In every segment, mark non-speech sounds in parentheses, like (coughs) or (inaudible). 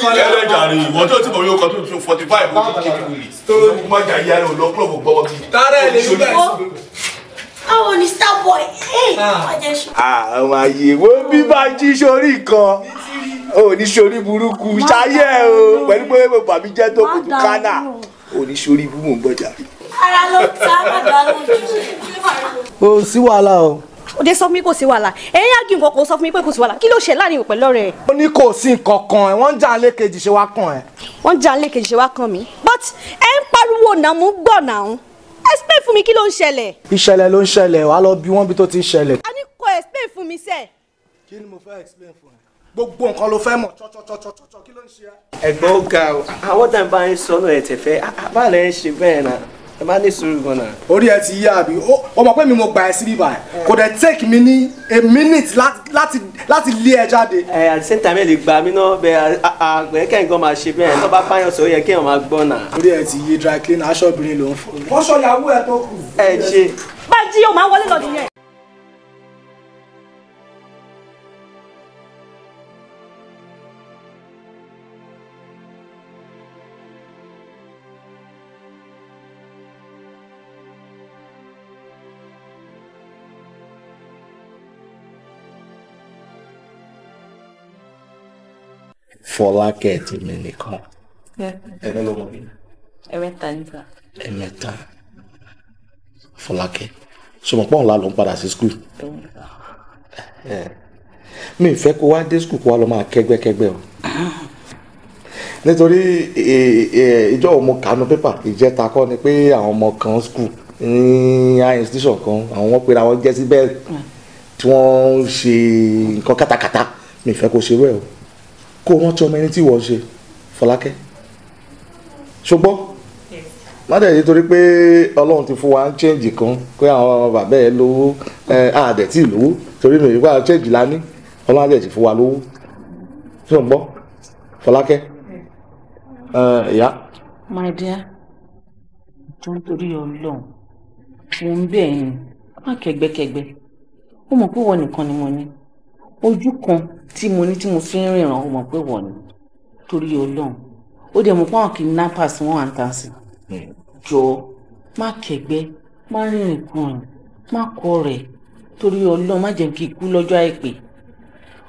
kọ́lá ilé ẹlẹ́jàre ìwọ tó ti mọ̀ yóò kọ́ tó tún forty five ó ti kékeré wuli tó má jà yára ò lọ kúrò kò gbọ́wọ́ kí. tààrà ẹ̀ lè rí bẹ́ẹ̀. àwọn ni star boy ọjà ṣe. Ah, àwọn àyè wo bí bá jí sórí kan ò ní sórí burúkú ṣáyẹ o pẹ̀lú pé gbogbo àmì jẹ́ tó kù kánà ò sórí bú mò ń bọ̀jà. ara ló ta má lójú. o sí wàhálà o ó dé sọ fún mi kò sí wàhálà ẹ̀yin àgì nǹkan kò sọ fún mi pé kò sí wàhálà kí ló ṣe láàrin òpè lọ́rẹ̀. ó ní kò sí nǹkan kan ẹ wọ́n ń jà lé kejì ṣe wá kàn ẹ. wọ́n ń jà lé kejì ṣe wá kàn mí but ẹ ń pariwo nà mú gbọ̀ nà ń explain fún mi kí ló ń ṣẹlẹ̀. ìṣẹ̀lẹ̀ ló ń ṣẹlẹ̀ wàá lọ bí wọ́n bí tó ti ṣẹlẹ̀. a ní kò explain fún mi sẹ́ẹ̀. kí ni mo fẹ́ explain fún ẹ gbogbo nǹkan ló fẹ́ mọ̀ tsọ́tsọ́tsọ́tsọ́ kí ló ń ṣe ẹ. ẹ̀gbọ́n ga àwọn tàbí bá ń sọ náà ẹ̀ tẹ̀fẹ́ báyìí lẹ́yìn ṣe bẹ́ẹ̀ náà ẹ má ní sùúrù gan na. orí ẹ ti yá àbí ó mọ̀ pé mi mo gbà ẹ síbí báyìí kò dẹ̀ take mi ní a minute láti láti lé ẹ jáde. ẹ at the same time ẹ lè gbà mí náà bẹ àgbẹ̀ kẹ́hìngàn máa ṣe bẹ́ẹ̀ tó bá pààyàn sọ yẹ kéèyàn máa gbọ́ nà. orí ẹ ti yí dry clean? aṣọ obìnrin ló ń fọ. wọ́n ṣọ ìyàwó ẹ tó kù. ẹ ṣe. bá a jí yóò máa wọlé lọ nìyẹn. Fọlákẹ́ tèmi nìkan. Ẹ̀rẹ́ ló mọ̀ mí. Ẹ̀mẹ́ta níta. Ẹ̀mẹ́ta. Fọlákẹ́. Sọmọpọ̀ ọ̀la ló ń padà sí skul. Mi ìfẹ́ kó wá dé skul kó wá lọ máa kẹ́gbẹ́kẹ́gbẹ́ o. Nítorí ìjọ òun mo kà á nu pépà ìjẹta kọ́ ni pé àwọn ọmọ kan skul ní high institution kan àwọn wọn pera wọn jẹ́ síbẹ̀ mm. tí wọ́n ń ṣe nǹkan kátàkátà mi ìfẹ́ kó ṣerú ẹ̀ o kó o rántí ọmọ ẹni tí wọ́n ṣe fọlákẹ́ ṣùgbọ́n má dẹ̀ yìí torí pé ọlọ́run ti fún wa ń chẹ́ǹjì kan pé àwọn ọmọ bàbá ẹ lówó àdẹ̀ tí lówó torí mi ìgbà chẹ́ǹjì la ní ọlọ́run àdẹ̀ ti fún wa lówó ṣùgbọ́n fọlákẹ́ ìyá. my dear tó ń torí ọlọ́run mo ń bẹ̀ yín má kẹ́gbẹ́kẹ́gbẹ́ ó mọ̀ pé wọ́n nìkan ni mo ní ojú kan tí mo ní tí mo fi ń rìnrìn ọmọ pé wọ̀ ni torí ọlọ́run ó dẹ̀ mọ̀ pé àwọn kidnappers wọ́n à ń tàn sí hmm. jọ má kẹgbẹ́ má rìnrìn kan má kọ rẹ̀ torí ọlọ́run má jẹ́ kí ikú lọ́jọ́ àìpẹ́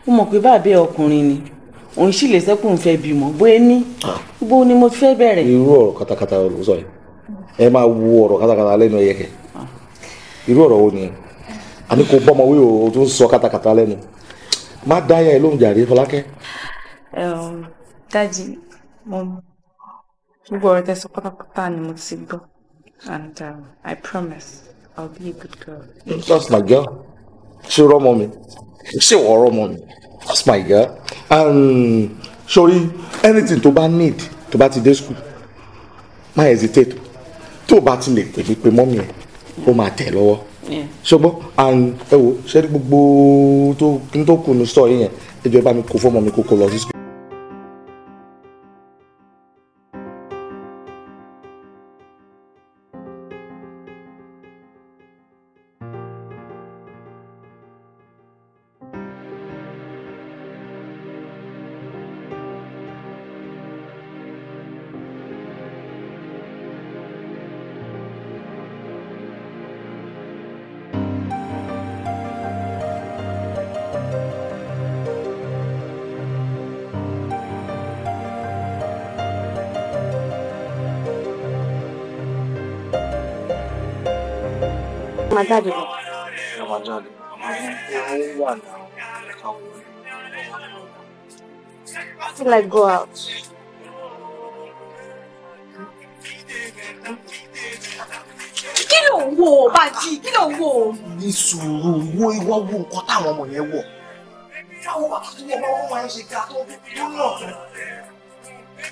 ó mọ̀ pé bàbá ọkùnrin ni òun sì lè sẹ́kùn fẹ́ bímọ bóyá ní gbogbo ni mo fẹ́ bẹ̀rẹ̀. irú ọ̀rọ̀ katakata ló sọ yìí ẹ máa wo ọ̀rọ̀ katakata lẹ́nu ẹ̀yẹ kẹ irú ọ̀rọ̀ wo ni àní bọ́mọ wí tó ń sọ katakata lẹ́nu má dáyà ẹ lóhùn jàre Fọlákẹ́. dájì mo gbogbo ọ̀rọ̀ tẹsán pátápátá ni mo ti gbọ́ and um, I promise I'll be a good girl. that's my girl ṣé rọmọ mi ṣé wọ́n rọmọ mi that's my girl and sorry anything tó bá need tó bá ti dé school má hesitate tó o bá ti lè pè pé mọ́mí ẹ̀ ó máa tẹ̀ lọ́wọ́ ṣùgbọ́n and ẹ wo ṣé gbogbo tó kù ní sọ yìí yẹn ẹ jọ bá mi kó fọmọ mi kó kó lọ sí till I go out. Kí ló ń wo bàjì? Kí ló ń wo? Ní sùúrù wo ìwọ wo nǹkan táwọn ọmọ yẹn wọ̀. Táwọn bàbá tó wọ ọmọ wọn máa ń ṣe ga tó ń lọ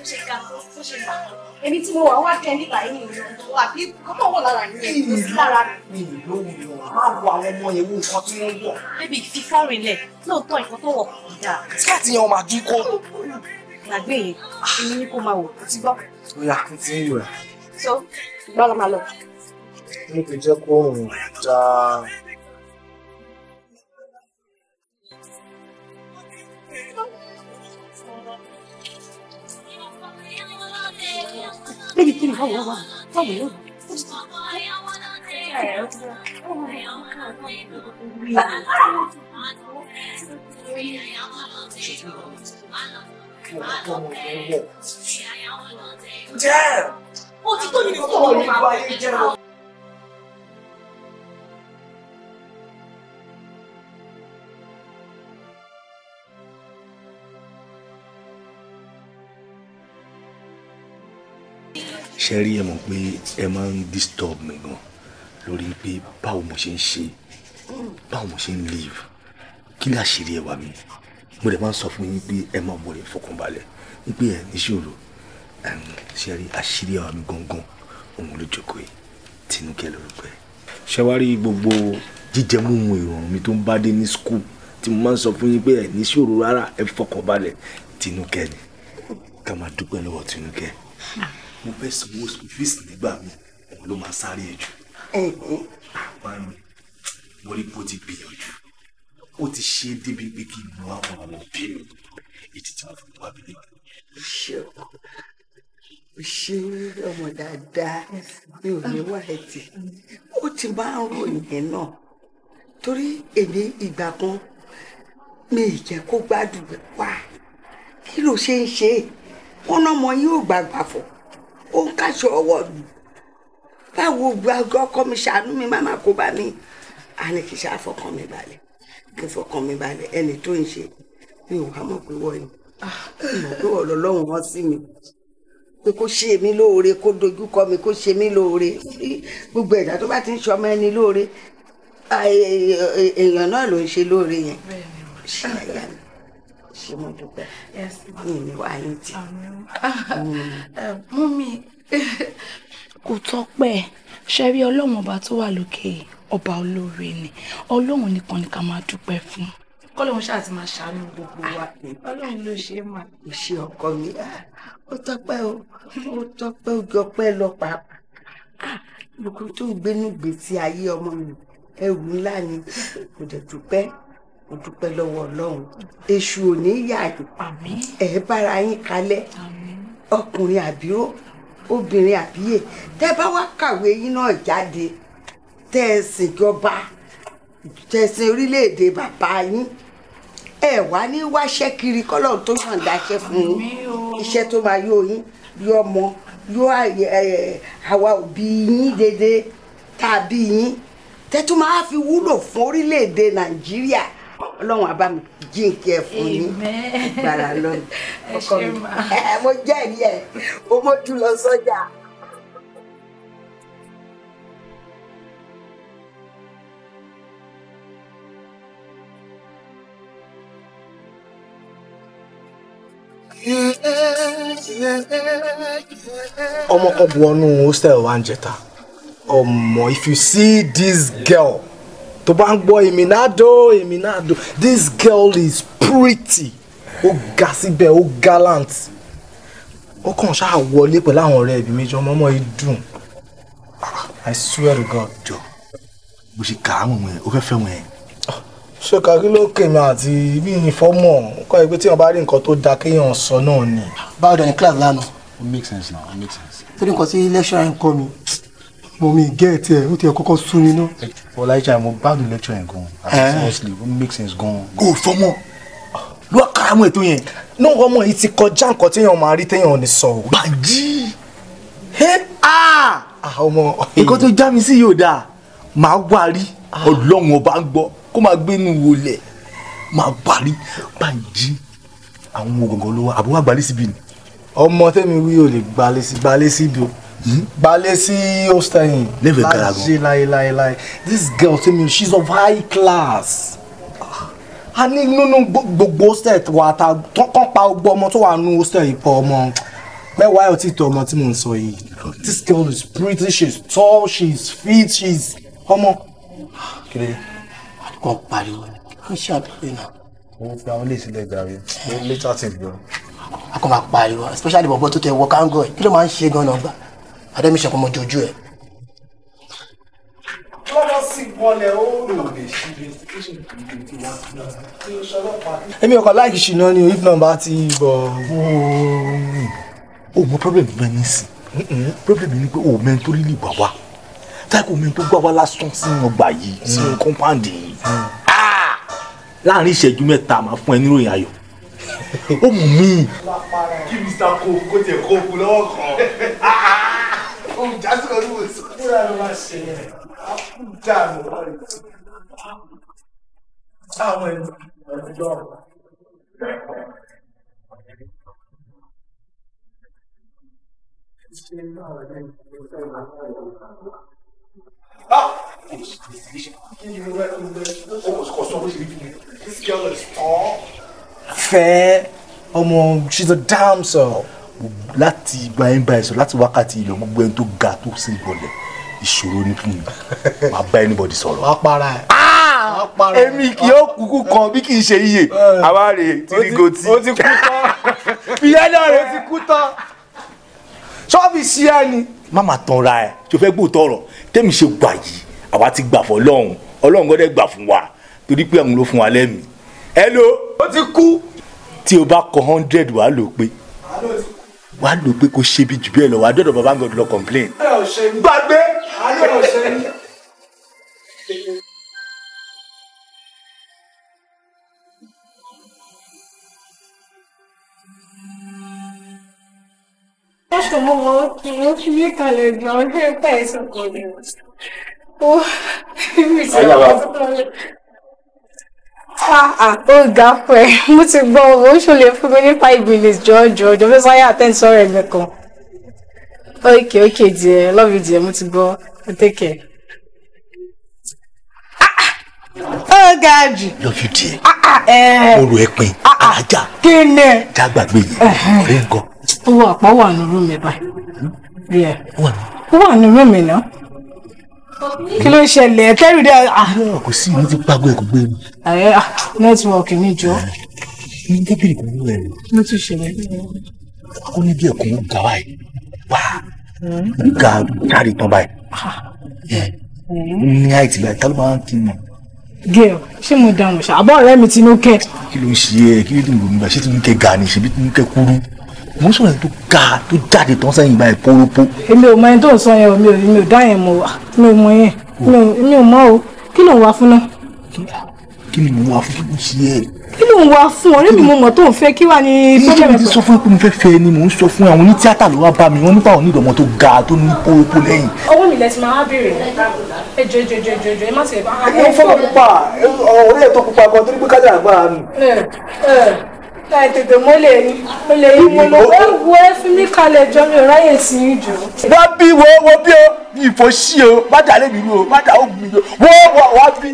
ṣe ga tó ṣe ga èmi tí mo wà wá kẹ́ nípa yìí ni mo àbí kọ́mọ̀ wọ̀ lára yìí kò sí lára mi. mi ò lóhùn mi ò máa wo àwọn ọmọ yẹn wo nǹkan tí wọ́n wọ̀. bébì fi fọ́ọ̀rìn lẹ̀ lóòótọ́ nǹkan tó wọ̀ kò dáa. síkàtì yẹn máa dín kó. gbàgbé yẹn èmi ni kò máa wò ó ti gbọ́. ó yà kí n ti ń yòrà. so gbọ́dọ̀ máa lọ. mo ti jẹ́ kó rùn dáa. 那个地方我玩，那我又不知道。哎呀，jẹ́ òtítọ́ yìí ni kò tó wọlé máa wáyé jẹ́ o. ṣe rí ẹ mọ̀ pé ẹ máa ń disturb mi gan lórí pé báwo mo ṣe ń ṣe báwo mo ṣe ń live kí ni àṣírí ẹwà mi mo dẹ̀ máa ń sọ fún yín pé ẹ máa wọlé fọkànbalẹ̀ wípé ẹ níṣòro ṣe rí àṣírí ẹwà mi gangan òun ló jókòó yìí Tinúkẹ́ lórúkọ ẹ ṣe wá rí gbogbo jíjẹ múmu ìrọ̀rùn mi tó ń bá dé ní school tí mo máa ń sọ fún yín pé ẹ níṣòro rárá ẹ fọkànbalẹ̀ Tinúkẹ́ ni ká máa dúpẹ́ lọ́wọ́ Tinúkẹ́ mo fẹ́ sanwó school fees nígbà mi òun ló máa sáré ẹ jù. àpárùn mo rí bó ti gbìyànjú ó ti ṣe é débi pé kí n lọ àwọn àwọn òbí mi ètí tí mo fi wá mi nígbà. o ṣe ọmọ dáadáa mi ò ní wá ẹ tì ó ti máa ń ròyìn ẹ náà torí èmi ìgbà kan mi ì jẹ́ kó gbádùn pa kí ló ṣe ń ṣe wọn náà mọ yín ò gbàgbà fọ̀ ó ń kàṣọ ọwọ́ mi báwo gbàgbọ́ ọkọ mi ṣàánú mi má má kó bá mi a ní kì í ṣàfọkàn mi balẹ̀ kí n fọkàn mi balẹ̀ ẹni tó ń ṣe mi ò wá mọ̀ pé wọ́n ni mọ̀ pé wọ́n lọ́lọ́run wọ́n sí mi pé kó ṣe mí lóore kó dojúkọ mi kó ṣe mí lóore gbogbo ẹ̀dá tó bá ti ń ṣọmọ ẹni lóore èèyàn náà ló ń ṣe lóore yẹn ṣe àyà mi ṣe mo dúpẹ́ mi ni wà ní ti. mọ́mí kò tọ́pẹ́ ṣe rí ọlọ́run ọba tó wà lókè ọba olóore ni ọlọ́run nìkan ni ká máa dúpẹ́ fún kọlọ́run ṣáà ti máa ṣàánú gbogbo wa ah, mm. ọlọ́run ló ṣe é mà. ìṣe ọkọ mi ah, ó tọ́pẹ́ o ó tọ́pẹ́ ó jọ pẹ́ lọ pàápàá lóko ah, tó gbénú gbèsè ayé ọmọ mi ẹrù ńlá ni kò dẹ̀ dúpẹ́ mo dúpẹ́ lọ́wọ́ ọlọ́run èṣù ò ní yà yín ẹ̀ bára yín kalẹ̀ ọkùnrin àbíró obìnrin àbíyè tẹ́ bá wá kàwé yín náà jáde tẹ́ ẹ sìn jọba tẹ́ ẹ sìn orílẹ̀-èdè bàbá yín ẹ wá ní wáṣẹ́ kiri kọ́lọ́run tó yàn dáṣẹ́ fún yín iṣẹ́ tó máa yó yín yó ọmọ yó àwa òbí yín dédé tàbí yín tẹ́ tún máa fi wúlò fún orílẹ̀-èdè nàìjíríà ọlọ́run àbá mi jíǹkẹ́ fún yín gbàrà lọ́nà (laughs) ọkọ mi mo jẹ́rìí ẹ̀ o mójú lọ sọ́jà. ọmọ kan bu ọnù hostel wa ń jẹta ọmọ if you see this girl tó bá ń gbọ́ èmi náà dó èmi náà dó this girl is pretty ó ga síbẹ̀ ó gallant ó kàn ṣáà wọlé pẹ̀lú àwọn ọ̀rẹ́ ẹ̀bí méjì ọmọ ọmọ yìí dùn ah, i swear to god. jọ bó ṣe kà á mọ̀ mọ̀ ẹ́ ó fẹ́ fẹ́ mọ̀ ẹ́. Ah, ṣé kàkí ló kèmí àti bí ní fọ́mọ̀ kọ́ ẹ pé tí wọ́n bá rí nǹkan tó da kéèyàn sọ náà ni. báwo dẹ̀ class lánàá. it makes sense now it makes sense. torí nǹkan tí lecturer ń kọ́ mi mo mi gẹ́ẹ̀tì ẹ̀ ó ti ẹ̀ kọ́kọ́ sún mi náà. ọlájà mo bá mi lecture yẹn gan-an eh? seriously it make sense gan-an. o fọmọ ló wà kára mọ ètò yẹn náà ọmọ yìí ti kọjá nǹkan téèyàn máa rí téèyàn ò ní sọ. bàjí ah! Ah, ọmọ nǹkan tó já mi sí yóò dáa màá wá rí ah. ọlọ́run ọba ń gbọ́ kó máa gbé inú wo lẹ̀ máa wá rí bàjí àwọn ọmọ gọ̀ngàn ló wà àbúrò àgbálẹ̀ síbi ni. ọmọ tẹ́mi wí ò lè gbalẹ̀ síbi o balẹ̀ sí hostel yìí láti láìláìláì this girl tell me she's of high class ah, a ní nínú gbogbo hostel wa ta kàn pa gbogbo ọmọ tó wà nínú hostel yìí pọ̀ ọmọ mẹ́wàá ẹ̀ tí tọ́ ọmọ tí mò ń sọ yìí this girl is pretty she's tall she's fit she's ọmọ. kìlẹ̀ àdúgbò pariwo ni kí n ṣe àdúgbò náà. owó fi àwọn ilé ìsìlẹ̀ gàrí later thing gan. a kò máa pariwo especially bọ̀bọ̀ tó tẹ wọ káńgọ̀ ẹ̀ kí ló máa ń ṣe gan-an náà gbà adémíṣẹ́ kò mọ jojú ẹ̀. lọ́wọ́ sí ìbọlẹ̀ ó lò lè ṣe investigation tó lè ọlọ́pàá. èmi ò kàn láìkì ṣìnà ni if number ti bọ̀. Oh, o mọ problem bẹ́ẹ̀ ní sí problem ni pé o mẹ́ni tó rí lè wá wá táìkò mẹ́ni tó gbá wá lásán sínú ọgbà yìí sínú kọ́ńpáàndì mm. yìí mm. ah! láàrin ìṣẹ́jú mẹ́ta máa fún ẹ níròyìn ayọ̀ (laughs) ó mú mi. kí mr kó kó tiẹ̀ kó kú lọ́wọ́ kan. (laughs) kò já sí ọdún wo sí. kúrò ló máa ṣe yẹn á she's a damsel láti ìgbà ẹ̀ ń bá ẹ sọ láti wákàtí ìlọ gbogbo ẹni tó ga tó sì gbọlẹ̀ ìṣòro ní fún mi máa bá anybody sọ̀rọ̀. wàá ah! para ẹ̀ èmi kì yóò kúkú kan bí kì í ṣe iye eh. àwa rè tirigoti. o ti kú tán fìyẹ́dà (laughs) rẹ̀ ti kú tán ṣọ́ọ̀bì sí ẹ ni. má máa tan ra ẹ tó fẹ́ gbòòtọ̀ ọ̀rọ̀ tẹ́mi ṣe gbà yìí àwa ti gbà fọ́ ọlọ́run ọlọ́run gọ́dẹ̀ gbà fún wa torí pé àwọn ló fún wa lẹ́mìí. ẹ lo. o ti kú. tí o bá kọ hundred wàá lò pé. àlọ́ ti kú wà á lò pé kò ṣe bí jù bẹ́ẹ̀ lọ wà á dọ̀dọ̀ bàbá mi lọ complain. gbàgbé ayé ọ̀sẹ̀ ni. (laughs) Ah ah (laughs) pẹ́ mo ti gbọ́ owó ń ṣòlè fún mi ní five minutes jọjọ ọjọ́ fẹ́ sáyà attend sọ́rọ̀ ẹ̀mẹ́ kan okay okay dear love you dear mo ti gbọ́ take care. Oh ah, ah. God, love you dear. Ah ah eh. Ah eh. ah, ẹpin ajá jágbàgbé yìí ọ̀rẹ́ nǹkan. ó wà pọ̀ wà nínú rúmi báyìí. ó hmm? wà nínú rúmi náà kí ló ń ṣẹlẹ̀ kẹ́rù dẹ́. Ah, ah. kò sí ìlú tó pàgọ́ ẹ̀kọ́ gbé mi. Ah, nẹ́tíwọ̀kì ní ìjọ. ní débìrì kò wúwo ẹ̀rọ. ló tún ṣẹlẹ̀. ó ní bí ẹ̀kọ́ ga báyìí wá ga jáde tán báyìí. ní àìtí báyìí tá ló ń kí mi. gẹ́ọ̀ ṣé mo dáhùn ṣàbọ̀ ọ̀rẹ́ mi Tinúkẹ́. kí ló ń ṣe é kí ló ń lò nígbà ṣé Tinúkẹ́ ga ni ṣebí Tinúkẹ́ kúrú mo sọ yẹn tó ga tó jáde tán sẹ́yìn báyìí pòrópó. èmi ò mọ ẹni tó ń sọ o mi ò mi ò dá yẹn mọ̀ wá mi ò mọ yẹn mi ò mọ o kí ló ń wá fún náà. kí ló ń wá fún kí ló ń ṣe ẹ. kí ló ń wá fún ọ̀rẹ́ mi mo mọ̀ tó ń fẹ́ kí wàá ní. ìjọba mi ti sọ fún ẹ pé mo fẹ́ fẹ́ ni mò ń sọ fún ẹ àwọn onítìátà ló wá bá mi wọ́n nípa òní ìdọ̀mọ́ tó ga tó ní pòrópó lẹ́yìn. ọwọ́ mi lẹ ti máa béèrè ẹjọ ẹjọ ẹjọ ẹjọ ẹjọ ẹ má láì tètè mọ́lẹ̀ ni olè yìí mo lọ wọ́n wo ẹ fi mí kalẹ̀ jọ mi ò ráyè sí i jù. wọ́n bí wo wo bí o ìfòsí o má dà lé o má ó gbìn o wọ́n wọ́n wá bí.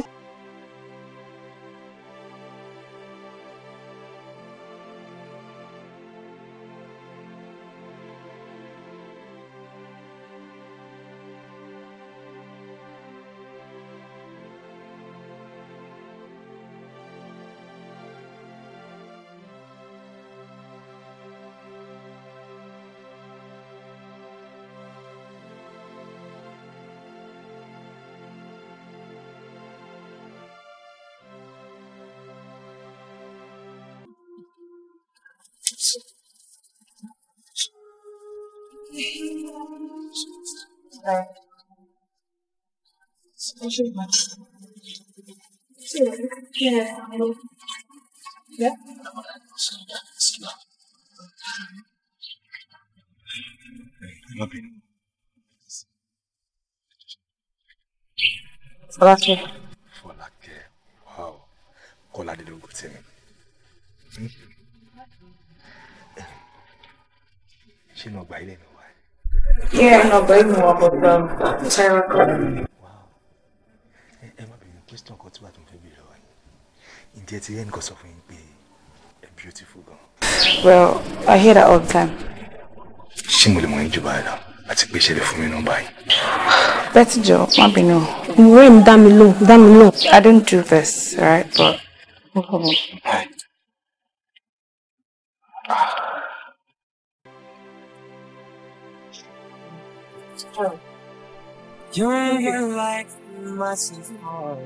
Right. Special much. Yeah. Yeah. Gracias. Yeah, no, but even question kan tí wàá tún fẹ́ bí lọ́wọ́ yìí. Ǹjẹ́ ti rẹ́ nìkan sọ beautiful gan. Well, I hear that all the time. Ṣé mo lè mọ yín jù báyìí lọ? Àti pé no. lè fún mi nọ́mbà yìí. Bẹ́tí jọ, má bínú. Ìwé I don't do this, right? But no You're your light through my heart.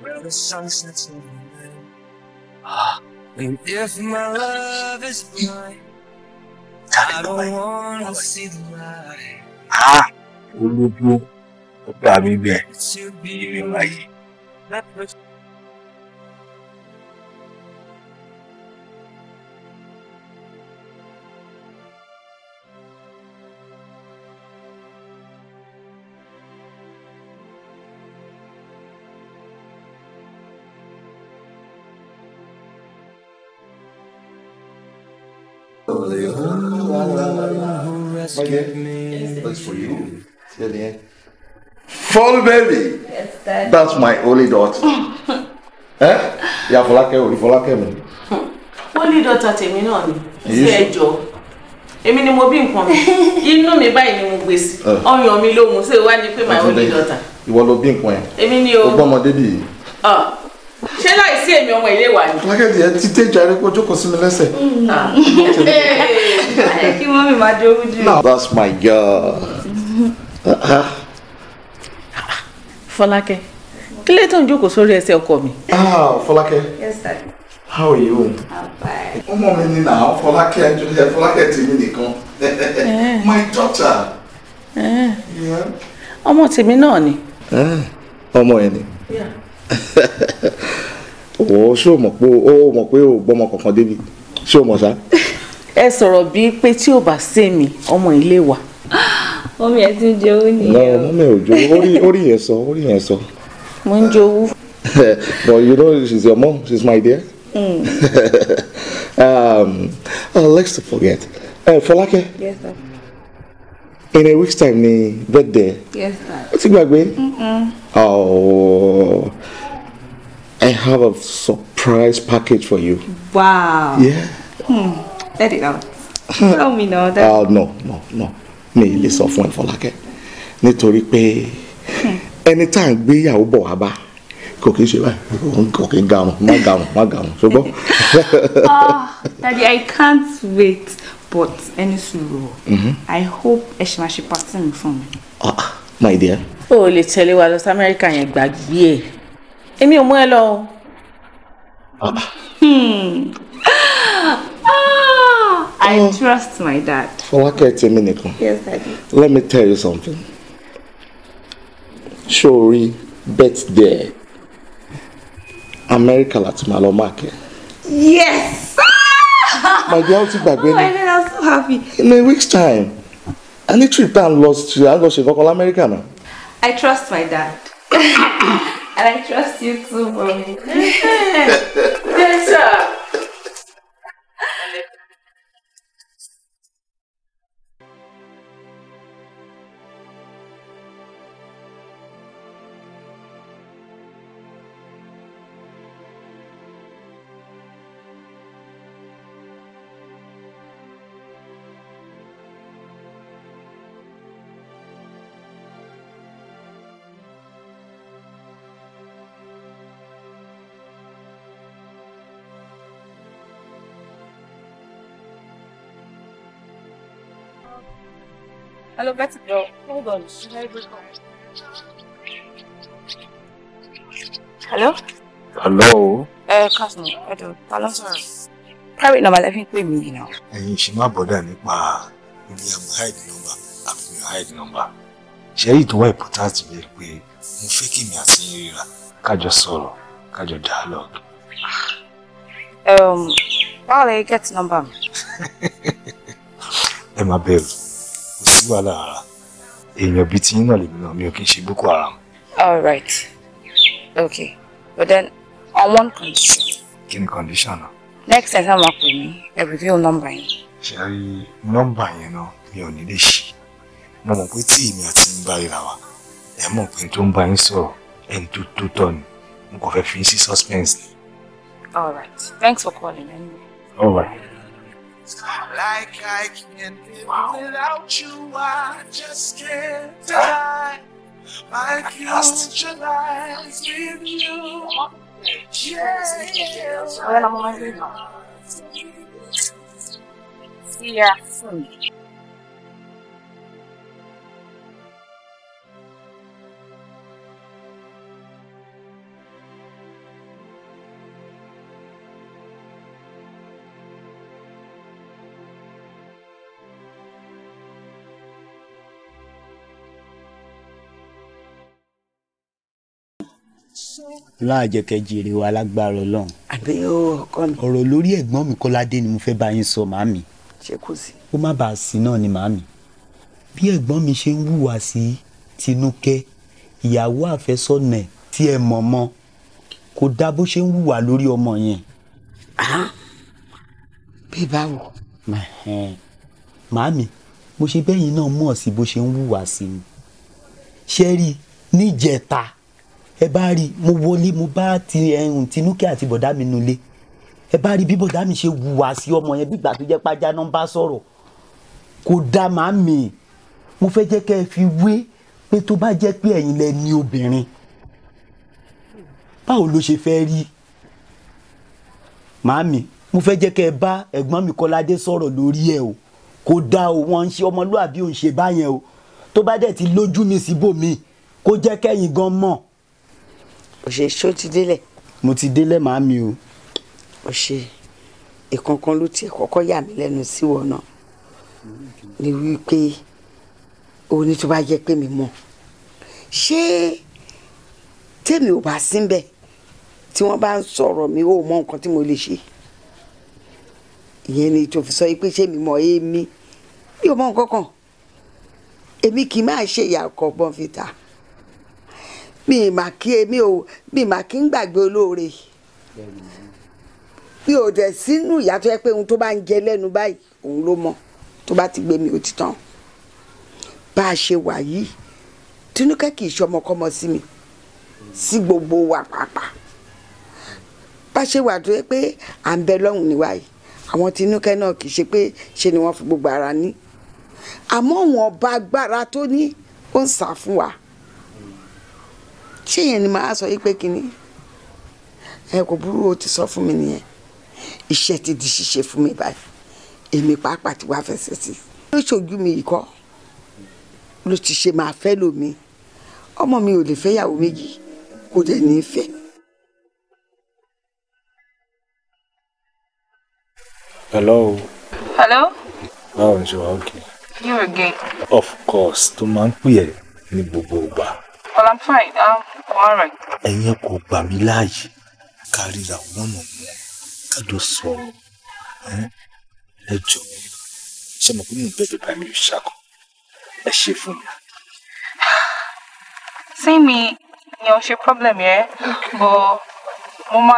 Where the sun sets in the night. And if my love is blind, I don't want to see the light. Ah, olójú ọgbà mi bẹ̀ ìrìn wáyé. My dear, for you. Dear. Fall baby. Yes, Daddy. That's my only daughter. (laughs) eh? Yeah, Fọlákẹ́, orí Fọlákẹ́ mi. Only daughter tèmi náà ni. Sí ẹjọ́. Èmi ni mo bí nǹkan mi. (laughs) Inú mi báyìí ni mo gbé sí. Eh. Ọyàn mi ló mú sí wá ní my only daughter. Ìwọ ló bí nǹkan ẹ̀. Èmi ni o. O gbọ́mọdé Ah sí èmi ọmọ ilé wa ni. lákẹ́tì ẹ ti tẹ́jà rẹ jókòó sí mi lẹ́sẹ̀. Mm. Ah. (laughs) kí wọ́n mi máa jogún jù. that's my girl. (laughs) fọlákẹ́ kí lè tó ń jókòó sórí ẹsẹ̀ ọkọ mi. Ah, fọlákẹ́ how are you. ọmọ mi ni na fọlákẹ́ eh, fọlákẹ́ ti mi nìkan eh. (laughs) my daughter. Eh. ọmọ tèmi náà ni. ọmọ ẹ ni o ṣé o mọ̀ pé o mọ̀ pé o gbọ́mọ kankan débi ṣé o mọ̀ sá. (laughs) ẹ sọ̀rọ̀ bíi pé tí ò bá sèmi ọmọ ilé wa. omi (gasps) ẹ ti ń jẹ owó nìyẹn o. ọmọ mi ò jẹ orí yẹn sọ orí yẹn sọ. mo ń jẹ owó. (laughs) but you know she's your mom she's my dear. Mm. (laughs) um, oh, let's not forget. Uh, Fọlákẹ́. Yes, sir. In a week's time me, birthday. Yes, sir. Ó ti gbàgbé. Mm-mm. Oh. I have a surprise package for you. Wow. Yeah. Hmm. Let it out. Hmm. Tell me now. That... Uh, no, no, no. Me ì lè one for like it. Nítorí pé hmm. ẹni tá à ń gbéyàwó bọ̀ wá bá Cooking kí ń ṣe báyìí kò kí ń (laughs) ah daddy I can't wait but ẹni sùúrù o mm-hmm. I hope ẹ ṣe máa ṣe pàtí mi fún ah my dear. Oh, ò lè tẹ̀lé wa lọ sí amẹ́ríkà yẹn èmi ò mú ẹ lọ ah. Hmm. Ah, I oh. trust my dad. Fọlákẹ́ tèmi nìkan. Yes, daddy. Let me tell you something. Shori birthday there. America máa lọ máàkì. Yes! (laughs) My girl ti gbàgbé ni. Oh my God, I'm so happy. In a week's time, I need trip down lọ sí Àgọ́ṣe kọ́kọ́ l'Amẹ́ríkà náà. I trust my dad. (coughs) And I trust you too, mommy. yes, (laughs) sir. Allopathic, no. Hold on. Hello? Hello? Eh, cousin, ẹ jọ̀ọ́, Private number. ń sọ̀rọ̀? Private number lẹ fi ń pè mí yìí náà. Ẹ̀yin ṣì má hide nípa William Hyde number àbí Hyde number. Ṣé èyí tó wá important bẹ́ẹ̀ pé mo fẹ́ kí mi àti yín ríra kájọ sọ̀rọ̀ kájọ dialogue. Báwo lè get number Emma (laughs) Ẹ wàhálà èèyàn bíi tiyín náà lèmi náà mi ò kí n ṣe boko haram. all right okay but then on one condition. kí ni condition náà. next time sáà máa pè mí ẹ reveal number yẹn. ṣe rí nọ́mbà yẹn náà mi ò ní lè ṣí mo mọ̀ pé tí èmi àti ń bá ríra wa ẹ mọ̀ pé n tó ń bá yín sọ̀rọ̀ ẹni tó tó tọ̀ ni mo kàn fẹ́ fi sí suspense ni. all right thanks for calling anyway. all right. Like I can't live without you, I just can't die. My future lies with you. Yeah, yeah. Hmm. Yeah. ọlọ́run á jẹ́ kẹ́ jèrè wa lágbára ọlọ́run. àbí ọkọ mi. ọ̀rọ̀ lórí ẹ̀gbọ́n mi kọ́ládé ni mo fẹ́ bá yín sọ màámi. ṣé kò sí. ó má bàa sí náà ni màámi. bí ẹ̀gbọ́n mi ṣe ń hùwà sí tinúkẹ́ ìyàwó àfẹ́sọ̀nà tí ẹ mọ̀ mọ́ kò dá bó ṣe ń hùwà lórí ọmọ yẹn. bí báwo. màámi mo ṣe bẹ́yìn náà mọ̀ sí bó ṣe ń hùwà sí mi. ṣẹ́rí níjẹta ẹ bá rí mo wọlé mo bá ti ẹhùn tinúkẹ́ àti bọ̀dá mi nulẹ̀ ẹ bá rí bí bọ̀dá mi ṣe wùwà sí ọmọ yẹn bí ìgbà tó jẹ́ pàjá náà bá sọ̀rọ̀ kò dá màámi mo fẹ́ jẹ́ kẹ́ ẹ fi wé pé tó bá jẹ́ pé ẹ̀yin lẹ ní obìnrin báwo ló ṣe fẹ́ rí màámi mo fẹ́ jẹ́ kẹ́ ẹ bá ẹ̀gbọ́n mi Kọ́ládé sọ̀rọ̀ lórí ẹ̀ o kò dá o wọ́n ń ṣe ọmọlúàbí ò ṣe báyẹn o tó bá dẹ̀ ti lójú mi síbòmí kó jẹ́ kẹ́yìn gan mọ̀ o ṣe ṣó ti délẹ̀. mo ti délẹ̀ màámi o. o ṣe ìkankan ló tiẹ̀ kọ́kọ́ yà mí lẹ́nu sí wọn náà ni wípé o ní tó bá jẹ́ pé mi mọ̀ ṣé tèmi ò bá síbẹ̀ tí wọ́n bá ń sọ̀rọ̀ mi ò mọ nǹkan tí mo lè ṣe ìyẹn ni tó fi sọ pé ṣé mi mọ̀ èmi mi ò mọ nǹkan kan èmi kì í máa ṣe ìyà bọ́n fi ta mi mà kí èmi ò mi mà kí ń gbàgbé olóore mi ò dẹ̀ sínú ìyá tó yẹ pé ohun tó bá ń jẹ lẹ́nu báyìí òun ló mọ tó bá ti gbé mi ò ti tán bá a ṣe wà yìí tinúkẹ́ kì í ṣọmọkọ́mọ sí mi sí gbogbo wa pàápàá bá a ṣe wà tó yẹ pé à ń bẹ lọ́hùn níwá yìí àwọn tinúkẹ́ náà kì í ṣe pé ṣe ni wọ́n fi gbogbo ara ní àmọ́ wọn ọba agbára tó ní ó ń sá fún wa ṣé yẹn ni màá sọ yí pé kínní ẹ kò burú o ti sọ fún mi nìyẹn iṣẹ́ ti di ṣíṣe fún mi báyìí èmi pàápàá ti wá fẹsẹ̀ sí i. ló ṣojú mi ikọ́ ló ti ṣe máa fẹ́ lómi ọmọ mi ò lè fẹ́ yàwó méjì kò dẹ̀ ní í fẹ́. Hello. Hello. Báwo ni ṣe wá òkè? You again. Of course, tó máa ń pè ẹ́ ní gbogbo ìgbà well, I'm fine. I'm alright. right. Ẹ̀yin kò gbà mí láàyè kárìíra one on one kájọ sọ̀rọ̀ ẹ jọ ṣe mọ̀ pé mo bẹ̀rẹ̀ bá mi ṣàkọ́ ẹ ṣe fún mi. Sí mi yẹn ò ṣe problem yẹn But, Mama,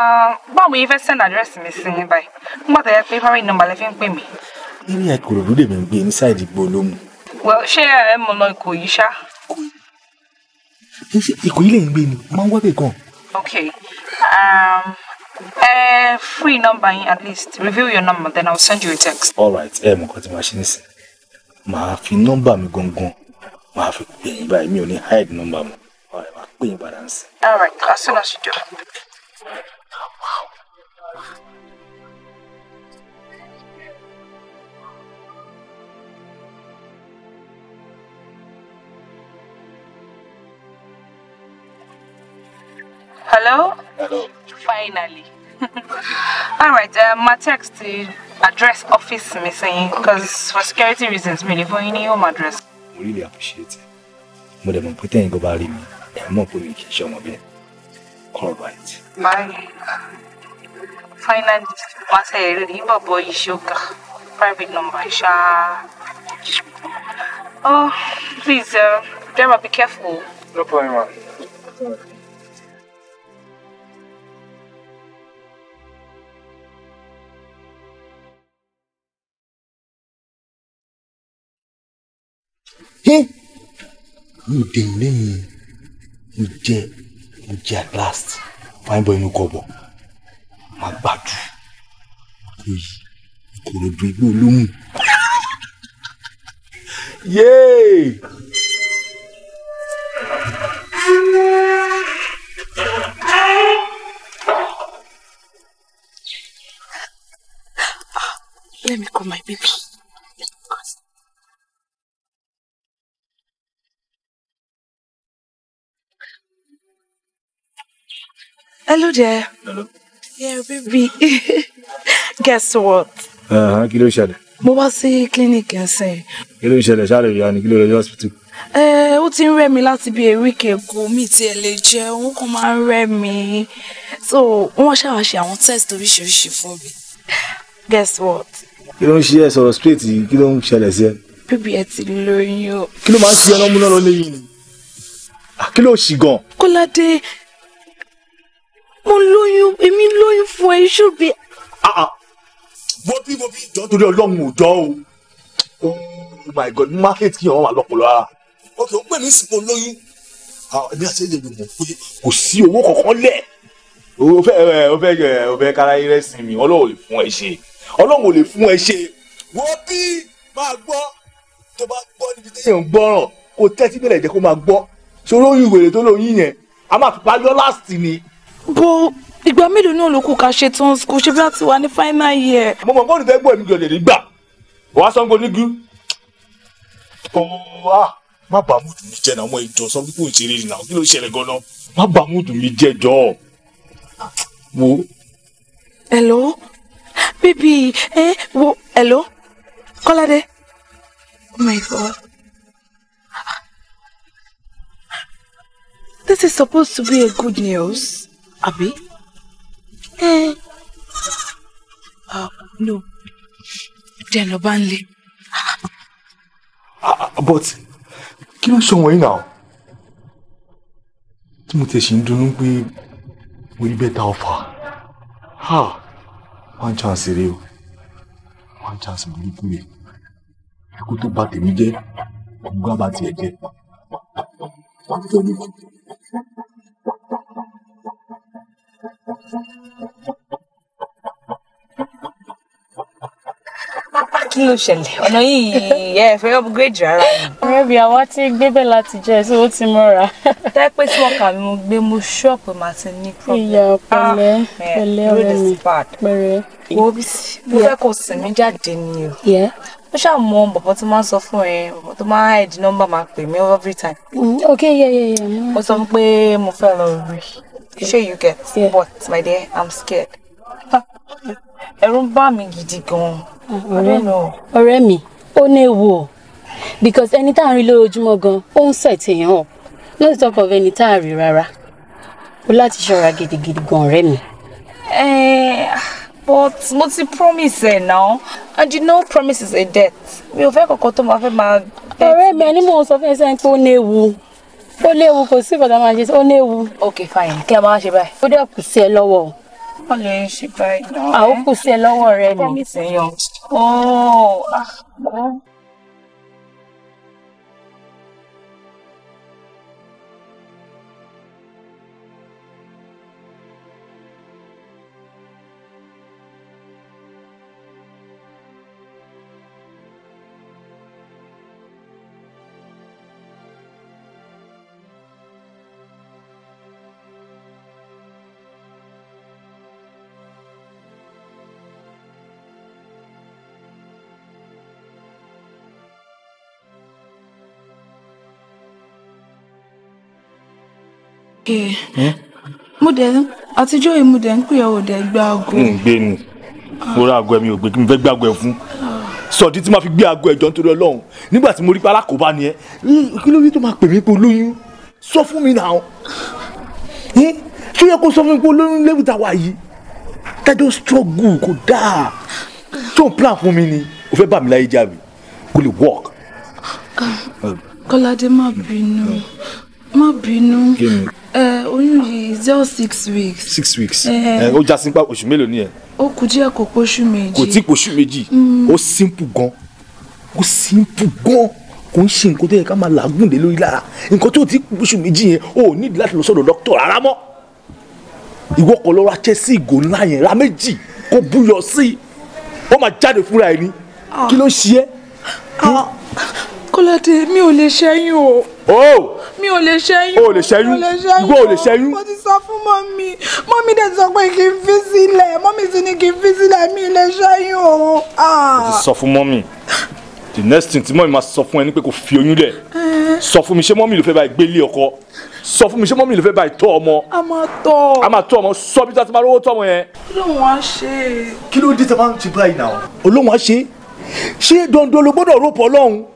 máa báwo yìí fẹ́ send address to me? yín báyìí nígbà tó yẹ pé private number lè fi ń pè mí. Eré Ìkòròdú lèmi ń gbé ní sáìdì gbólóhùn. Well, ṣé ẹ mọ̀ lọ Ìkòyí ṣá? ṣé ìkòyí lè ń gbé ni máa ń wá bẹ̀ gan. okay um, uh, free number yín at least reveal your number then i will send you a text. all right ẹ mọ̀ kọ́ tí màá ṣe nísìn màá fi nọ́mbà mi gangan màá fi pè yín báyìí mi ò ní hide nọ́mbà mi ọ̀rẹ́ màá pè yín padà ń sìn. all right as soon as you do. Wow. Hello? Hello. Finally. (laughs) All right, uh, my text address office missing because okay. for security reasons, me for any home address. We really appreciate it. Mo dẹ̀ mọ̀ pé tẹ́yìn gbọ́ bá rí mi, ẹ̀ mọ̀ pé mi kì í ṣe All right. Bye. Finally, wọ́n ṣe rí bọ̀bọ̀ ìṣòkà. Private number ṣá. Oh, please, uh, um, driver, be careful. No problem, ma. Hey! You didn't me. You did. You did at last. Fine boy no kọ̀bọ̀. Má gbàdú. Oyi. Ìkòròdú igbó olóhùn. Yéè! Let me call my baby. Hello there. Hello. Yeah, baby. (laughs) Guess what? Uh, huh. Kilo ṣẹlẹ̀? Mo wá clinic ẹsẹ̀. Kí ló ṣẹlẹ̀ ṣáà lè rí àní kí ló hospital? Ẹ ó ti ń rẹ̀ mí láti bí ewíkẹ̀ èkó mi ti ẹ̀ lè jẹ́ òun kan máa ń rẹ̀ mí. So wọ́n ṣàwọn ṣe àwọn test oríṣiríṣi fún mi. Guess what? Kí ló ń ṣe ẹ sọ̀rọ̀ straight yìí kí ló ń ṣẹlẹ̀ sí ẹ? Bíbí ẹ ti lóyún o. Kí ló máa ń ṣe ẹ lọ́mú náà lọ lẹ́yìn? Ah, kí ló ṣì gan? mo lóyún èmi lóyún fún ẹ iṣu bi. wo bí wo ah, ah. bí jọ torí ọlọ́run ò jọ o oh my god market kí wọn wà lọ́pọ̀lọ́ ara. ok ó pè mí sípò lóyún ní ah, àti ẹ̀yẹ̀ mi mọ̀ pé kò sí owó kankan lẹ̀. o fẹ́ o fẹ́ o fẹ́ kára irẹ́ sí mi ọlọ́run ò lè fún ẹ ṣe ọlọ́run ò lè fún ẹ ṣe. wo bí máa gbọ́ tó bá gbọ́ níbi téèyàn ń gbọ́ràn kò tẹ́tí bẹ̀rẹ̀ jẹ́ kó máa gbọ́ sórí oyún ìwèrè tó lóyún yẹn a máa fi parí ọ́ láàsì ni bó ìgbà mélòó náà ló ká ṣe kò ṣe bí wọ́n ti wà ní final year. mo mọ̀ bọ́ọ̀lù tẹ́gbọ́n mi jọ lè rí gbà wàá sango nígú. ọ̀hún má bàa múdù mi jẹ́ náà ọmọ ìjọ sọ pé kò ń ṣeré nìyàwó kí ló ṣẹlẹ̀ gan-an má bàa múdù mi jẹ́ jọ. wo. hello bíbí ẹ wo hello kọ́ládé. oh my god. This is supposed to be a good news àbí. Ah, no jẹ́ lọ bá ń le. Ah, ah, but kí ló ń ṣe wọ̀nyí náà tí mo ti ṣì ń dunnú pé mo rí bẹ́ẹ̀ ta ọ̀fà one chance rèé o one chance burúkú rèé ikú tó bà tèmi jẹ́ ọgbọ́n bá tiẹ̀ kí ló ṣẹlẹ̀ ọ̀nà yìí ẹ fẹ́ upgrade rárá ni. ọ̀rẹ́ mi àwa ti gbébẹ̀ láti jẹ́ ẹ̀sìn ó ti mọ́ra. tẹ́ pé tí wọ́n kà mí mo gbé mo ṣọ́ọ̀pù màá ti ní problem. ìyá pẹ̀lẹ́ ah, eh, pẹ̀lẹ́ ọ̀rẹ́ mi pẹ̀lẹ́. wo bí mo fẹ́ kó sinmi jáde ni o. ó ṣàmọ bàbá tó máa ń sọ fún ẹ bàbá tó máa ń hide number máa pè mí every time. Mm, ok yẹ yẹ yẹ. mo sọ pé mo fẹ́ lọ rí i. You sure you get? Yeah. But my dear, I'm scared. (laughs) Ẹ̀rù ń bà mí gidi gan. Ọ̀rẹ́ mi. Ọ̀rẹ́ mi, ó ní ewu Because ẹni tá à ń rí lójoojúmọ́ gan, ó ń sẹ̀ No talk of ẹni tá à rí rárá. O láti ṣọ́ra gidigidi gan ọ̀rẹ́ mi. Eh, but mo ti promise ẹ̀ náà. And you know promise is a debt. Mi ò fẹ́ kọ̀kọ́ tó máa fẹ́ máa. Ọ̀rẹ́ mi ẹni mò ń sọ fún ẹ sẹ́yìn pé ó léwu kò sí ìkọ̀tà máa ṣe ó léwu. ok fine kí a máa ṣe báyìí. ó dẹ̀ kù sí ẹ lọ́wọ́ o. lè ṣe báyìí náà. àwọn eh? kù sí ẹ lọ́wọ́ rẹ ni. ó Hm? mo dẹ̀ àtijọ́ yìí mo dẹ̀ ń pè ọ́ dẹ̀ gbé aago. n gbé ni mo ra aago ẹ mi ò gbé kí n fẹ́ gbé aago ẹ fún sọ̀dí tí ma fi gbé aago ẹ jọ nítorí ọlọ́run nígbà tí mo rí pé alákòóbá ni ẹ kí ló ní tó máa pè mí pé olóyún sọ fún mi náà hm? ṣé yẹ kó sọ fún mi pé olóyún léwu ta wà yìí tẹjọ struggle kò dáa tó ń plan fún mi ni o fẹ́ bá mi láyé jáde kó lè work. kọ́ládé má bínú má bínú oyún yìí zero six weeks. six weeks ó já sí pa oṣù mélòó ni ẹ. ó kù díẹ̀ kò pọ̀ṣù méjì. kò tí pọ̀ṣù méjì mm. ó simple gan ó simple gan kò ń ṣe nǹkan tó yẹ ká máa làágùn lé lórí lára nǹkan tó ti pọ̀ṣù méjì yẹn ó nídìí láti lọ sọ́dọ̀ dókítà rárá mọ́ ìwọ kò lọ ra chelsea ìgò ńlá yẹn ra méjì kó búyọ sí i ó máa jáde fúnra ẹ ní ah. kí ló ń ṣe é. Kọ́ládé mi ò lè ṣẹ́yún o. o mi ò lè ṣẹ́yún o lè ṣẹ́yún ìwọ ò lè ṣẹ́yún. mo ti sọ fún mọ́mí mọ́mí dẹ̀ sọ pé kí n fi sílẹ̀ mọ́mí sì ní kí n fi sílẹ̀ mi ò lè ṣẹ́yún o. Ah. mo ti sọ fún mọ́mí the next thing tí mọ́mí máa sọ fún ẹ ni pé kò fi oyún lẹ̀ eh. sọ fún mi ṣé mọ́mí ló fẹ́ báyìí gbélé ọkọ sọ fún mi ṣé mọ́mí ló fẹ́ báyìí tọ́ ọmọ. a máa tọ́ a máa tọ́ ọmọ sọ bí tí a ti máa rówó tọ́ ọmọ yẹn. kí ló ń wá ṣe. kí ló dé tí a máa ń ti báyìí náà. olóhùn á ṣe ṣé dandan ló gbọ́dọ̀ rò pọ̀ lọ́hùn-ún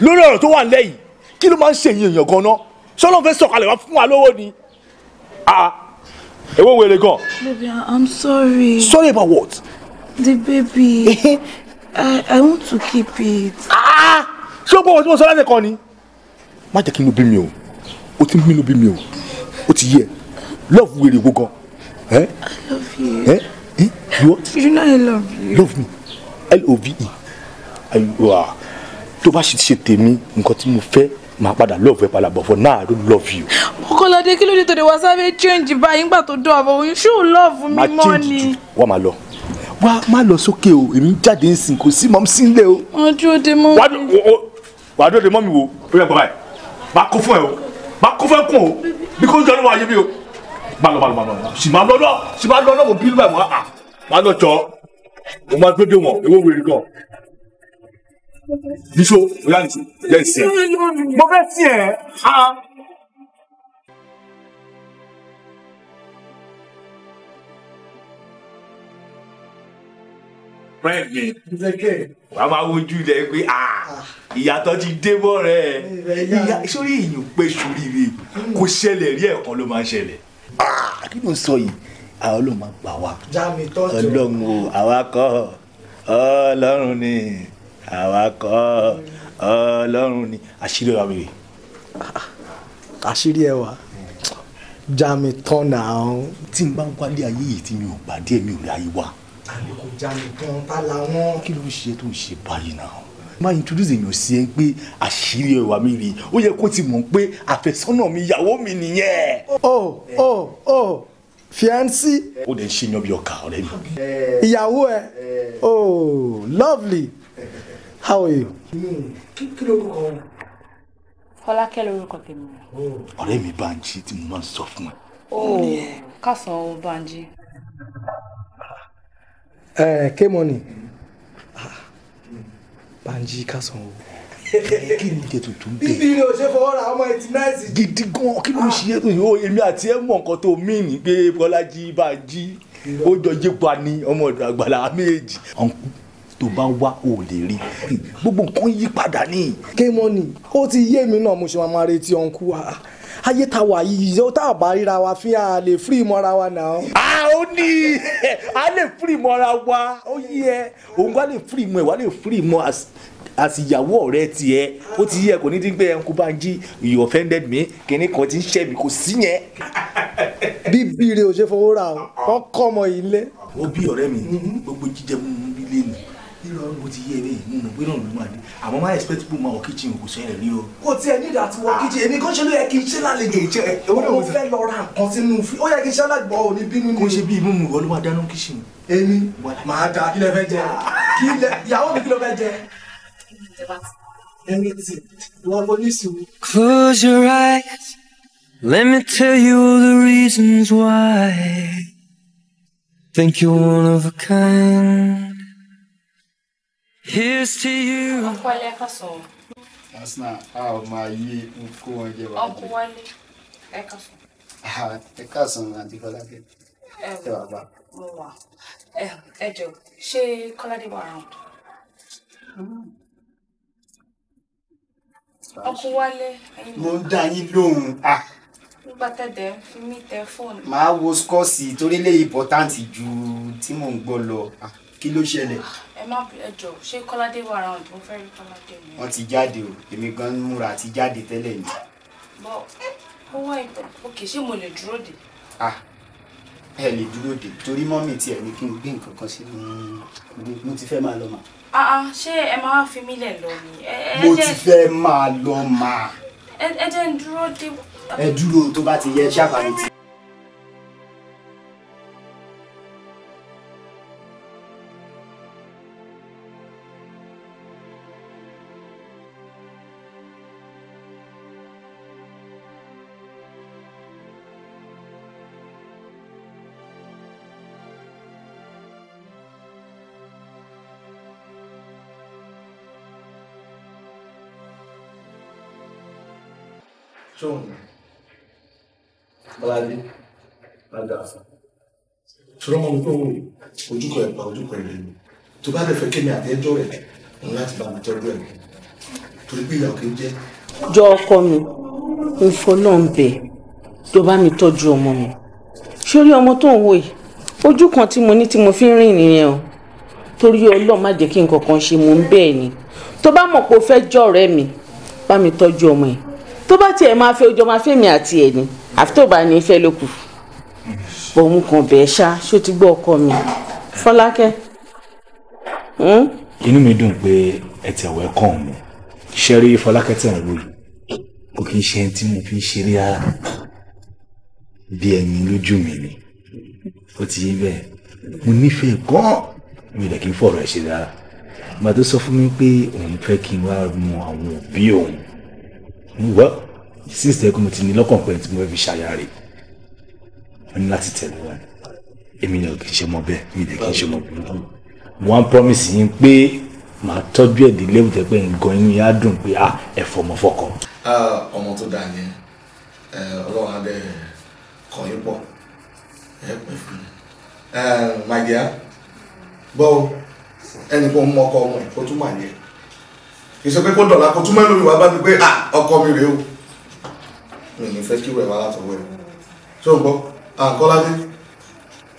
lórí ọ̀rọ̀ tó wà ń lẹ́yìn kí ló máa ń ṣèyí èèyàn gan-an sọlọ́n fẹ́ sọ̀kalẹ̀ wá fún wa lówó ni èwo ah, wèrè gan. baby i'm sorry. sorry about what. the baby i i want to keep it. Ah, ṣé o gbọ́ ohun tí mo sọ lásìkò ni. má jẹ́ kí n ló bí mi o o ti ń bí mi ló bí mi o o ti yẹ love wèrè wo gan. i love you. Eh? you you know i love you. love me l-o-v-e tó bá sì ṣe tèmi nǹkan tí mo fẹ́ máa padà love ẹ padà bọ̀ for now I don't love you. ọkọlọdé kí ló dé tó dé wá sábẹ́ change báyìí nígbà tó dọ̀ ọ̀bọ̀ oyún ṣé ò love mi mọ́ ni. wà á máa lọ wà á máa lọ sókè o èmi jáde ń sìn kò sí mọ́ sí nílé o. wọ́n dúró de mọ́ mi. wà á dúró de mọ́ mi wo ó yẹ bàbá ẹ̀ bá kó fún ẹ o bá kó fún ẹ kún o bí kò ń jọ ní wàá yé mi o bá lọ bá lọ bá lọ sì máa lọ náà sì máa lọ náà mo bí lóba ẹ̀ mọ́ à máa lọ jọ mo máa gbé bíṣó wàá máa wojú ilẹ̀ pé ìyàtọ̀ ti dé bọ́ rẹ̀ ìyá sórí èèyàn pé sóríire kò ṣẹlẹ̀ rí ẹ̀kan ló máa ń ṣẹlẹ̀. kí ló sọ yìí àwọn ló máa gbà wá ọlọ́run àwa kọ́ ọlọ́run ni àwa ọlọ́run ni àṣírí ẹwà mi àṣírí ẹwà jami tọ́nà àwọn. tí n bá ń wálé ayé yìí tí mi ò pàdé mi ò rí ayé wa. àlùkò jami kan tá la wọn. kí ló ń ṣe tó ń ṣe báyìí náà máa introduce èèyàn sí ẹ pé àṣírí ẹwà mi rèé ó yẹ kó ti mọ̀ pé àfẹ́sọ́nà mi ìyàwó mi nìyẹn. o o o fiancé. ó lè ṣe yan ọkà ọ̀rẹ́ mi. ìyàwó ẹ eh. o lovely how are you. Hmm, kí ló kọ. fọlákẹ́ lórúkọ tèmi. Hmm. ọ̀rẹ́ mi Bánjí tí mo máa ń sọ fún ẹ. ó kásán o Bánjí. ẹ eh, ké mọ ni Bánjí kásán o eh, kí ni tètè tó ń bẹ. bíbí ni o ṣe fọwọ́ ra ọmọ eighty nine. gidi gan kí ló ń ṣe ètò yìí èmi àti ẹ mọ nǹkan tó mí ní pé Bọ́lájí Bánjí ó jọ jẹ́ pa ni ọmọ ọ̀dọ̀ àgbàlá méjì. ọ̀nkú tó bá wá ò lè rí gbogbo nǹkan yí padà ní. kémọ́ ni ó ti yé mi náà mo ṣe máa máa retí ọ̀nkú wa ayé ta wà yìí ó tá a bá ríra wa fi hàn lè fírí mọ́ra wa náà. a ó ní a lè fírí mọ́ra wa ó yí ẹ òun wá lè fírí mọ́ ẹ wá lè fírí mọ́ àsìyàwó ọ̀rẹ́ tiẹ̀ ó ti yí ẹ kò ní dín pé ẹ bá ń jí you offended me kíní kan ti ń ṣẹ́ mi kò sí yẹn. bíbí rẹ ò ṣe fowó ra o wọn kọ́ ọmọ yìí lé. wọ́n bí ọ̀rẹ́ mi gbogbo jíjẹ mú mi lé mi mo yé mi mo mọ̀ pé náà ló máa dé àmọ́ máa expect pé máa wọ kitchen kò sẹ́yìn rí o. kò tiẹ̀ ní ìdá tí wọ ah! kitchen èmi kan ṣe ló yẹ kí n ṣe lálejò mo fẹ́ lọ ra nǹkan sínú fi ó yẹ kí n ṣe alágbọ̀ òní bínú ni. kò ṣe bí kitchen. èmi nnkan sinu fi o ye ki n se kitchen emi maa da kí lẹ fẹ́ jẹ ah! kí lẹ ìyàwó mi kí ló fẹ́ jẹ. Close your eyes. Let me tell you all the reasons why. Think you're one of a kind. Here's to you. That's not how my Asna, would go máa yí nkó wọn jẹ wájú. Ọkọ wálé ẹ̀ka sọ̀rọ̀. Ẹ̀ka sọ̀rọ̀ àti Kọ́ládé. Ẹ wà bá. Mo wà. Ẹ jọ, ṣé Kọ́ládé wà round? Ọkọ wálé. Mo ń dá yín lóhùn. Ah. Nígbà wo skọ́ọ̀sì torí lè important ju tí mò ń gbọ́ lọ. Ah kí ló ṣẹlẹ̀. ẹ má ẹ jọ ṣé kọ́ládé wà ara ọ̀dọ́ fẹ́ rí kọ́ládé mi. wọ́n ti jáde o èmi gan ń múra àti jáde tẹ́lẹ̀ ni. bọ́ ó wá ìtọ́ òkè ṣé mo lè dúró dè. ah ẹ lè dúró dè torí mọ́mì tiẹ̀ ní kí n gbé nǹkan kan sínú mo ti fẹ́ máa lọ mà. ah ah ṣé ẹ máa fi mí lẹ̀ lọ ni. mo ti fẹ́ máa lọ mà. ẹ jẹ́ ń dúró dè. ẹ dúró tó bá ti yẹ ṣáfàmì tí. stone. Bọ́lájí, má dà fún. Ṣọlá máa ń gbọ́ òun ojúkọ̀ ẹ̀ pa ojúkọ̀ ẹ̀ lẹ́nu. Tó bá lè fẹ́ kémi àtẹ́jọ́ rẹ̀ ní láti bá mi tọ́jú ẹ̀. Torí bí ìyàwó kì í jẹ́. Jọ ọkọ mi, n fọ náà ń bẹ̀ tó bá mi tọ́jú ọmọ mi. Sórí ọmọ tó ń wò yìí, ojú kan tí mo ní tí mo fi ń rìn nìyẹn o. Torí Ọlọ́run má jẹ́ kí nǹkan kan ṣe mò ń bẹ́ẹ̀ ni. Tó bá mọ̀ pé o fẹ́ jọ̀rẹ́ mi, bá mi tọ́jú ọmọ yìí tó bá tiẹ̀ máa fẹ́ ọjọ́ máa fẹ́ mi àti ẹ̀ ni àfi tó bá ní ìfẹ́ ló òun kàn bẹ́ẹ̀ ṣá ṣó ti gbọ́ ọkọ mi fọlákẹ́. Hmm? inú mi dùn pé ẹ tẹ̀ welcome mi ṣe rí fọlákẹ́ tẹ̀ ń wò yìí kò kí n ṣe ẹni tí mo fi ń ṣeré ara bí ẹni lójú mi ni ó ti yé bẹ́ẹ̀ mo nífẹ̀ẹ́ gan-an mi ò kí n fọ̀rọ̀ ẹ̀ ṣe rárá ìgbà tó sọ fún mi pé òun fẹ́ kí n wá mọ àwọn òbí òun wọ́n six tẹ́kùn mo ti ní lọ́kàn pẹ́ tí mo fẹ́ fi ṣàyà rè mo ní láti tẹ̀lé wọn èmi ni kì í ṣe ọmọ bẹ́ẹ̀ mi ni kì í ṣe ọmọ burúkú mo wá ń promise yín pé màá tọ́jú ẹ̀ dé léwu tẹ́pẹ́ nǹkan yín á dùn pé à ah, ẹ̀ fọmọ fọkọ. ọmọ tó dáa ni ọlọ́run á bẹ̀ kọ́ yín pọ̀ ẹ pẹ́ fún mi. màgíà gbọ́ ẹnì kan mú ọkọ ọmọ ẹ̀ kó ìṣe pé kó dọ̀la kó túmọ̀ lórí wa bá mi pé ọkọ mi rèé o mi ní fẹ́ kí wẹ̀ wá látọwọ́ ẹ̀ tó ń gbọ́ àkọ́ládé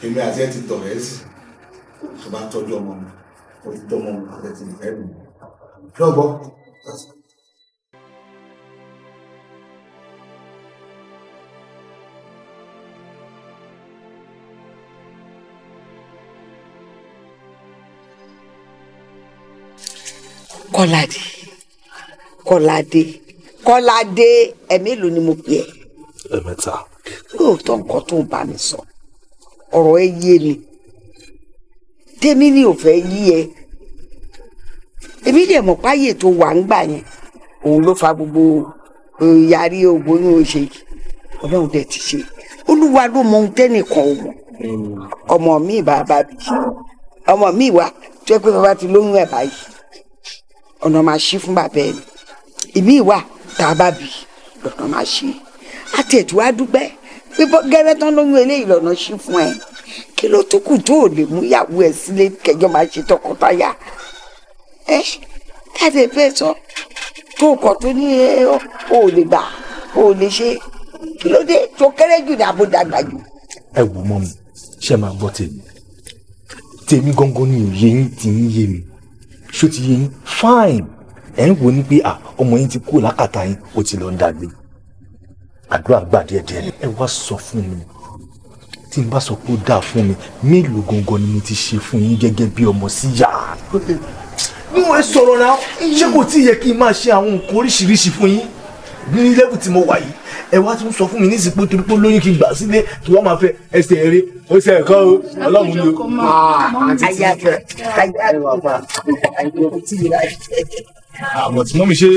èmi àti ẹ ti dọ̀rẹ́ ẹ sì tó bá tọ́jú ọmọ mi ó ti tọ́ ọmọ mi àti ẹ ti ìfẹ́ mi tó ń gbọ́ kọ́ládé kọ́ládé kọ́ládé ẹ̀mélòó ni mo pè ẹ́. ẹ̀mẹ́ta. lóòótọ́ nǹkan tó bá mi sọ ọ̀rọ̀ ẹ yé mi tèmi ni ò fẹ́ yí ẹ èmi dẹ̀ mọ̀ páyè tó wà ń gbà yẹn òun ló fa gbogbo yarí ògbóyún oṣè ọlọ́run dẹ̀ ti ṣe olúwa ló mọ ohun tẹ́nìkan ò mọ̀ hmm. ọmọ mi bàbá bí ọmọ mi wà tó yẹ pé bàbá ti lóyún ẹ̀ báyìí ọ̀nà máa ṣí fún bàbá ẹ̀ ìmí ìwà tá a bá bì lọ́nà máa ṣí àti ẹ̀tù wá dúpẹ́ pípọ́ gẹ́rẹ́ tán lóyún eléyìí lọ́nà ṣí fún ẹ̀ kí ló tó kù tó ò lè mú ìyàwó ẹ̀ sílé kẹjọ máa ṣe tọkọtaya ẹ káde bẹ́ẹ̀ sọ tó kọ̀ tó ní ò lè gbà ò lè ṣe kí ló dé tó kéré jù ní abódàgbà jù. ẹ wò mọ mi ṣé máa gbọ́ tèmi tèmi gangan ni òye yín ti ń yé mi ṣó ti yẹ fine ẹ̀ ń wo ni pé ọmọ yín ti kú lákàtà yín ó ti lọ ń dàgbé àdúrà gbà díẹ̀díẹ̀ ẹ wá sọ fún mi tí n bá sọ pé ó dáa fún mi mélòó gangan ni mo ti ṣe fún yín gẹ́gẹ́ bí ọmọ síyá bí wọ́n sọ̀rọ̀ náà ṣé kò tí ì yẹ kí n máa ṣe àwọn nǹkan oríṣiríṣi fún yín ní lẹ́bù tí mo wà yìí ẹ wá tún sọ fún mi nísìsiyìí pé torípé lóyún kí n gbà sílé tí wọ́n máa fẹ́ ẹsẹ̀ eré ó ṣe ẹ̀kọ́ o ọlọ́run ló. àyàfẹ́ àyàfẹ́ àmọ́ tí mọ́mí ṣe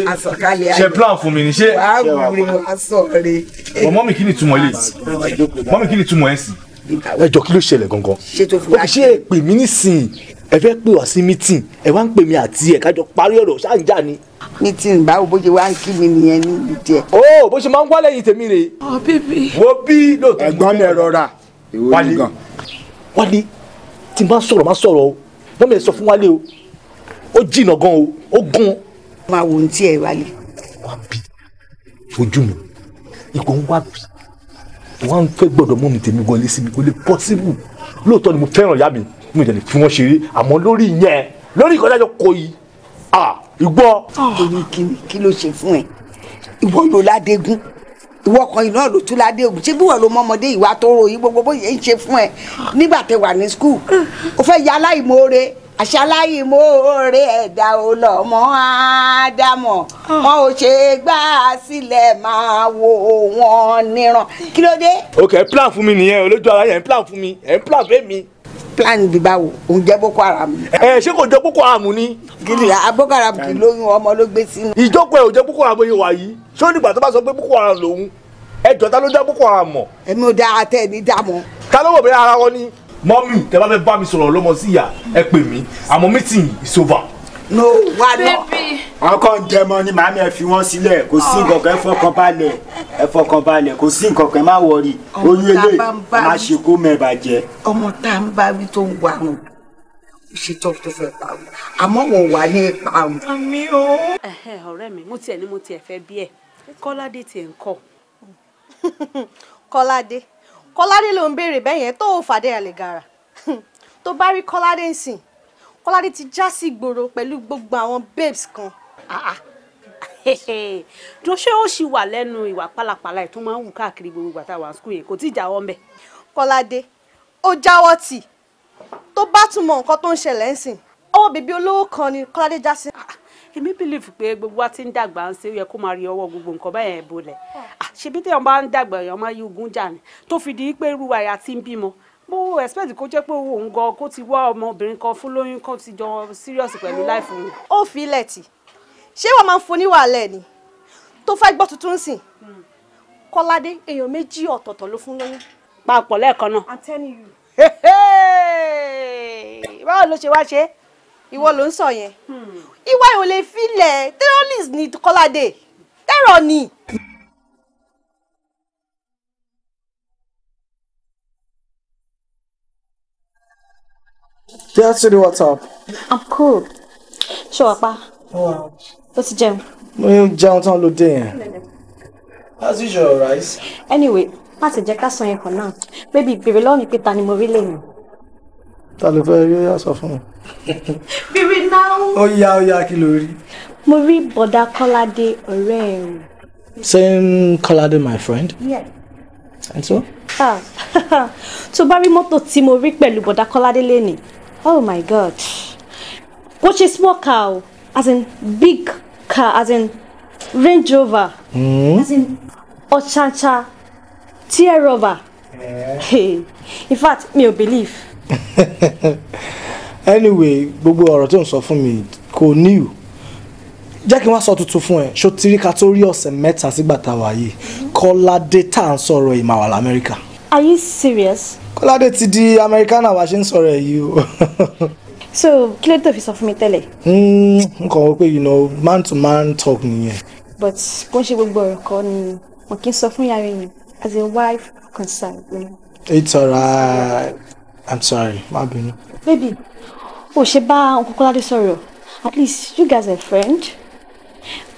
ṣe plan fún mi ni ṣe. wọ́n mọ́mí kí ni túmọ̀ lè mọ́mí kí ni túmọ̀ ẹ̀ sí. ẹ jọ kí ló ṣẹlẹ̀ gangan ṣé ẹ pè mí nísìnyí ẹ fẹ́ pè wá sí meeting ẹ wá ń pè mí àti ẹ̀ kájọ parí ọ̀rọ̀ ṣáà ń jà ni ní ti ń báwo bó ṣe wá ń kí mi nìyẹn níbi díẹ̀. ó bó ṣe máa ń wálé yìí tèmi rè. ọ oh, bíbí. wo bí lóòótọ́. ẹ̀gbọ́n mi ẹ̀rọ ra. wálé wálé tí n bá sọ̀rọ̀ má sọ̀rọ̀ o wọ́n mi sọ fún wálé o ó jìnnà gan o ó gan. máa wo ohun tí ẹ wálé. wá bí ojú mi ìkó ń wá bí wọn fẹ́ gbọ́dọ̀ mú mi tèmi wọlé síbi kò lè pọsibú lóòótọ́ ni mo fẹ́ràn ìyá mi mi ò dẹ̀ lè fi wọn ṣeré àmọ́ lórí yẹn lórí ìkọjá yọ yìí ah! ìgbọ́. èmi ah. kìíní kí ló ṣe fún ẹ ìwọ ló ládégún ìwọ kan iná ló tún ládégún ṣé bí wọn ló mọmọdé ìwà tó ro yìí gbogbo bóyá ń ṣe fún ẹ nígbà tẹ wà ní skul o fẹ́ ya aláìmoore àṣà aláìmoore ẹ̀dá ọlọ́mọ ádámọ̀ ah. wọn ò ṣe gbá sílẹ̀ máa wo wọn níran kí ló dé. ok plan fún mi nìyẹn olójú ara yẹn plan fún mi ẹ̀ plan fún mi plan bí báwo òun jẹ́ boko haram. ẹ eh, ṣé kò jẹ́ boko haram ni. gidi ah, boko haram kì í lóyún ọmọ ló gbé sínú. ìjókòó ẹ ò jẹ́ boko haram yìí wà yìí ṣé ó nígbà tó bá sọ pé boko haram lòun ẹ jọ ta ló dá boko haram mọ̀. èmi ò dára tẹ ẹni mọ. ta ló wọ̀ bẹ́ẹ̀ ara wọn ni. mọ́mì tẹ bá fẹ́ bá mi sọ̀rọ̀ lọ́mọ síyà ẹ pè mí àmọ́ mítìn is over no wa lọ. wọn kàn ń jẹmọ ni màámi ẹ fi wọn sílẹ̀ kò sí nǹkan kan ẹ fọkàn balẹ̀ ẹ fọkàn balẹ̀ kò sí nǹkan kan ẹ má wọrí oyún ilé má ṣe kó mẹba jẹ. ọmọ tá a ń bá wí tó ń wà nù ṣètò tó fẹ́ pa ọ àmọ́ wọn wà ní ipa ọ. àmì o. ọ̀rẹ́ mi mo tiẹ̀ ni mo tiẹ̀ fẹ́ bí ẹ̀ kọ́ládé tiẹ̀ ń kọ́. (laughs) kọ́ládé kọ́ládé ló ń béèrè bẹ́ẹ̀ yẹn tó o fàdé àlè gàrà (laughs) tó bá rí kọ́ládé ń sìn Kọ́ládé ti já sí ìgboro pẹ̀lú gbogbo àwọn babes kan. Ah, ah. (laughs) Jọ ṣé ó ṣì wà lẹ́nu ìwà pálapàla ẹ̀ tó máa ń wù káàkiri gbogbo ìgbà táwa skul yẹn kò tí ì jáwọ́ mbẹ̀. Kọ́ládé ó jáwọ́ tì tó bá tún mọ nǹkan tó ń ṣẹlẹ̀ ń sìn ọwọ́ bèbí olówó kan ni Kọ́ládé já sí. Ah, Èmi bìlìfù pé gbogbo wa ti ń dàgbà ń ṣe ó yẹ kó máa rí ọwọ́ gbogbo nǹkan báyẹn bolẹ̀ hmm. ṣebí tí wọn bá ń dàgbà èèyàn máa yí ogun jà ni tó fi di pé irú àyà ti ń bímọ mo expect kó jẹ́ pé òun gan kó ti wá ọmọbìnrin kan fún lóyún kan ti jọ serious pẹ̀lú life òun. ó fi ilẹ̀ tì ṣé wọ́n máa ń foni wàhálà ẹ̀ ni tó fẹ́ gbọ́ tuntun I hmm. kọ́ládé èèyàn méjì ọ̀tọ̀ọ̀tọ̀ ló fún lóyún. papọ̀ lẹ́ẹ̀kan náà. i'm telling you. báwo ló ṣe wá ṣe. ìwọ ló ń sọ yẹn ìwà hmm. ìwòlè filẹ̀ terrorist ni kọ́ládé terror Jẹ́sìrì, what's up? I'm cool. Ṣé wàá pa? Ó ti jẹun. Mo yóò jẹun tán ló dé yẹn. As usual, rice. Anyway, má ti jẹ́ ká sọ yẹn kan náà. Bébí bèrè lọ́wọ́ mi pé ta ni mo rí lẹ́yìn. Ta ló fẹ́ rí ó yà sọ fún mi? (laughs) Bèrè náà. Ó yá ó yá kí ló rí. Mo rí bọ̀dá Kọ́ládé ọ̀rẹ́ ẹ̀ o. Same Kọ́ládé my friend? Yeah. And so? Ah, (laughs) tó bá rí mọ́tò tí mo rí pẹ̀lú bọ̀dá Kọ́ládé lẹ́nìí oh my god kò ṣe small car as in big car as in range rover mm. as in ọ̀chànchà tear rubber yeah. hey. in fact me o believe. (laughs) anyway gbogbo ọ̀rọ̀ tó ń sọ fún mi kò níwò jẹ́ kí n wá sọ tuntun fún ẹ ṣó tiríka tó rí ọ̀sẹ̀ mẹ́ta sígbà tá a wà yìí mm-hmm. kọ́ládé tá à ń sọ̀rọ̀ ìmàwà lamẹ́ríkà are you serious. kọ́ládé ti di American wa ṣe ń sọ̀rọ̀ yìí o. (laughs) so kí ló tó fi sọ fún mi tẹ́lẹ̀. Hmm, n kàn wọ́n pé you know man to man talk nìyẹn. but kò ń ṣe gbogbo ọ̀rọ̀ kan ni mo kì í sọ fún yàrá yẹn as a wife concerned. You know? it's alright i'm sorry má bínú. baby o ṣe bá uncle kọ́ládé sọ̀rọ̀ at least you guys are friends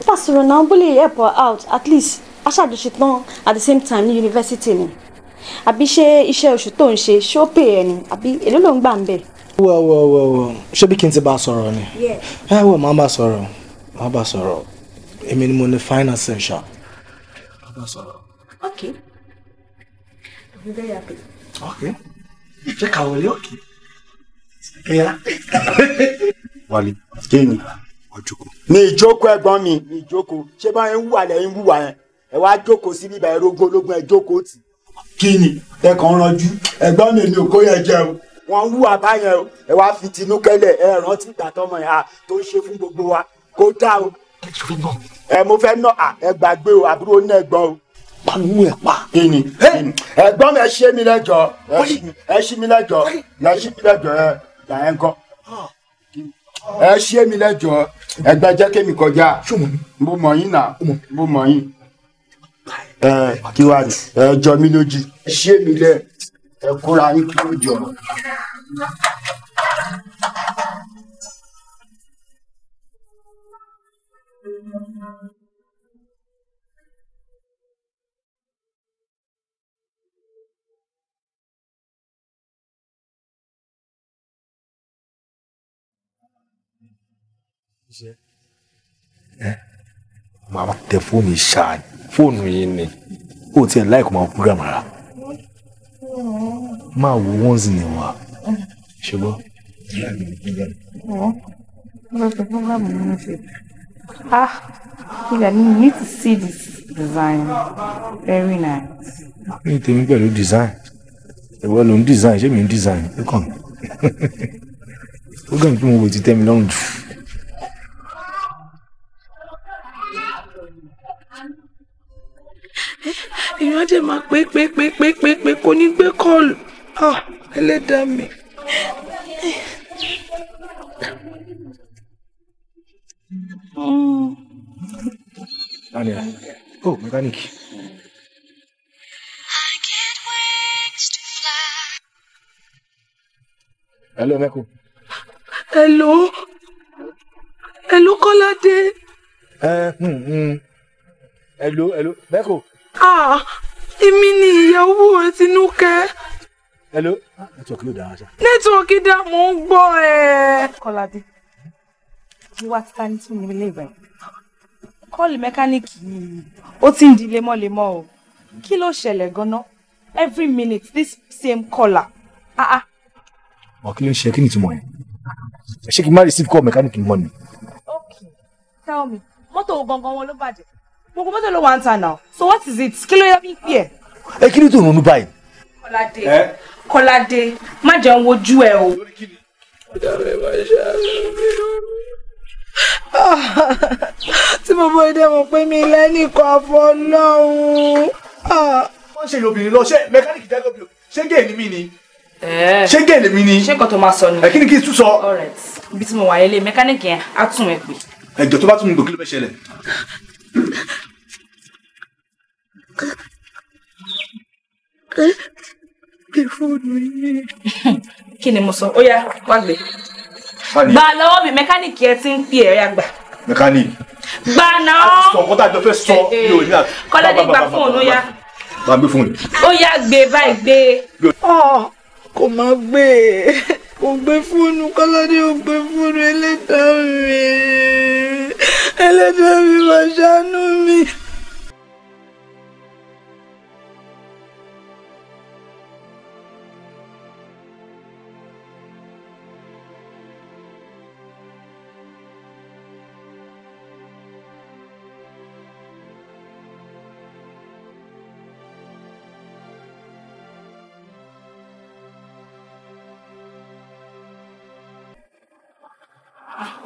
pásítọ̀ náà bó lè help her out at least aṣáájú ṣetán at the same time ní yunifásitì ni àbí ṣé iṣẹ́ oṣù tó ń ṣe ṣé ó pè ẹ́ ni àbí èló ló ń gbà ń bẹ̀. wọ wọ wọ wọ ṣé bí kí n ti bá a sọ̀rọ̀ ni ẹ wọ máa bá a sọ̀rọ̀ máa bá a sọ̀rọ̀ èmi ni mo ní finance ẹ̀ ṣá bá a sọ̀rọ̀. ok i'm very happy. ok ṣé kàwé lé òkè kẹyà. wálé kí ni ọjọkọ. mi ìjókòó ẹ̀gbọ́n mi mi ìjókòó ṣé báyìí ń wà lẹ́yìn wúwa yẹn ẹ wá jókòó sí bíbá ẹ rógún ológun ẹ jókòó tì í kí ni ẹ kàn ranjú ẹ̀gbọ́n mi ni òkó yẹn jẹ o wọn wú àbáyẹn o ẹ wá fi tinú kẹ́lẹ̀ ẹ rántí ìgbà tọmọ yẹn a tó ń ṣe fún gbogbo wa kó dá o ẹ mo fẹ́ nọ à ẹ gbàgbé o àbúrò náà gbọ́ o panu ẹ pa. kí ni ẹ̀gbọ́n mi ẹ ṣe mi lẹ́jọ́ ẹ ṣe mi lẹ́jọ́ ẹ ṣe mi lẹ́jọ́ ẹ là ẹ ń ẹ ṣe mi lẹ́jọ́ ẹgbẹ kémi kọjá mo mọ yín náà mo mọ yín ẹ kí wàá ní ẹ jọ mí lójú ẹ ṣé mi lẹ ẹ kóra yín kí ló jọ. Yeah. Màá tẹ fóònù ṣáà fóònù yìí ni ó tiẹ̀ láìkó máa program rárá máa wo once in a while ṣùgbọ́n. Ah, I need to see this design. Very nice. Ní tèmi pẹ̀lú design, ìwọ ló ń design, ṣé mi ń design? Ó kàn mí. (laughs) Ó kàn mí pé mo wò ti tẹ́ mi lọ́rùn jù. èèyàn dẹ̀ máa pé pé pé pé pé pé kò ní gbé kọ́ọ̀lù ẹlẹ́dàá mi. Daniel, oh mechanic. Hello, Meko. Hello. Hello, Kọ́ládé. Ẹ eh, hmm, hmm. Hello, hello, Meko. Ah, èmi ni ìyàwó Tinúkẹ́. hello ah, network ló dára ṣá. network dá mò ń gbọ́ ẹ. kọ́ládé wíwá títa ní tún nílé ìgbà yẹn kọ́ọ̀lù mẹkáníìkì yìí ó ti ń di lemọ́lemọ́ o kí ló ṣẹlẹ̀ gan-an every minute this same caller. Ah, ọ̀ kí ló ń ṣe kí ni ìtumọ̀ yẹn ṣé kí n má receive call mechanic mọ́ ni. ok tell me mọ́tò gangan wọn ló bàjẹ́ gbogbo mọ́tò ló wà ń ta náà so what is it kí ló yẹ fi pè ẹ́. ẹ kí ni tó ronú báyìí. kọ́ládé kọ́ládé má jẹun wojú ẹ o. (laughs) tí mo bọ́ ẹdẹ mọ̀ pé mi lẹ́nìkan àfọlọ́hún. Ah. wọ́n ṣe lóbìnrin lọ ṣe mẹkáníìkì jágọ́ bí o ṣé gẹ̀ẹ́ ni mí ni eh. ṣé gẹ̀ẹ́ lèmi ni ṣé nǹkan tó máa sọ ni ẹ kí ni kí n tún sọ. ibi tí mo wà lélẹ̀ mẹkáníìkì yẹn á tún ẹ pè. ẹjọ́ tó bá tún mi gbò kí ló fẹ́ ṣẹlẹ̀. Gbé fóònù yìí. Kí ni mo sọ? Ó yá, wá gbé. Gbà lọ́wọ́ mi, mẹkáníìkì ẹ ti ń pè ẹ́ yàgbà. Mẹkáníìkì. Gbà náà. A ti sọ nǹkan tá a jọ fẹ́ sọ eh, eh. ní òní àti. Kọ́ládé gba fóònù yá. Bá a gbé fóònù. Ó yá gbé báyìí gbé. Ah, kò máa gbé Kò gbé fóònù Kọ́ládé ò gbé fóònù ẹlẹ́dàá mi ẹlẹ́dàá mi mà ṣàánú mi.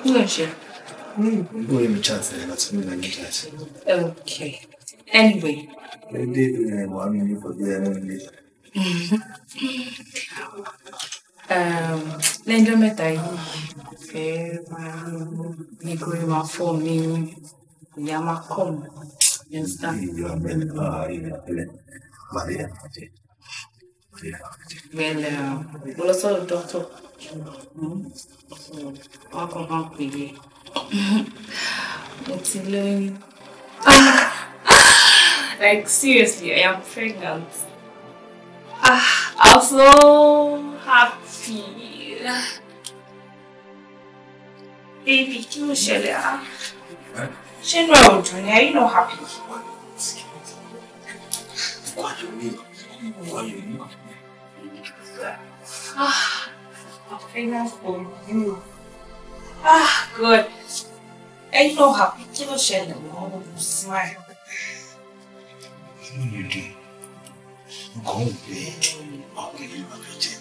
Pleasure. Ngoye mitshatse yena thina ngitshatse. Okay. Anyway. Ndi ngwami eh, ngibhekene ngithi. Um le nto meda ngikuyima for me ngiyamakhomba. You understand? You are men are in a Maria. Well, uh, we'll also talk to. Mm -hmm. So, I'll come back with you. mo ti lóyún. like seriously, I am pregnant. Ah, I'm so happy. Baby, kí ló ṣẹlẹ̀ á? Ah? Ṣé inú ẹ̀ ò dùn ni? Are you not happy? What do you mean? What do you mean? Ah, I'm pregnant for you. Ah, good. Ẹ̀yin náà hà kí ló ṣẹlẹ̀ wọ́n smile. Inú mi dùn, nǹkan ò pé ọkùnrin ló máa fi jẹ.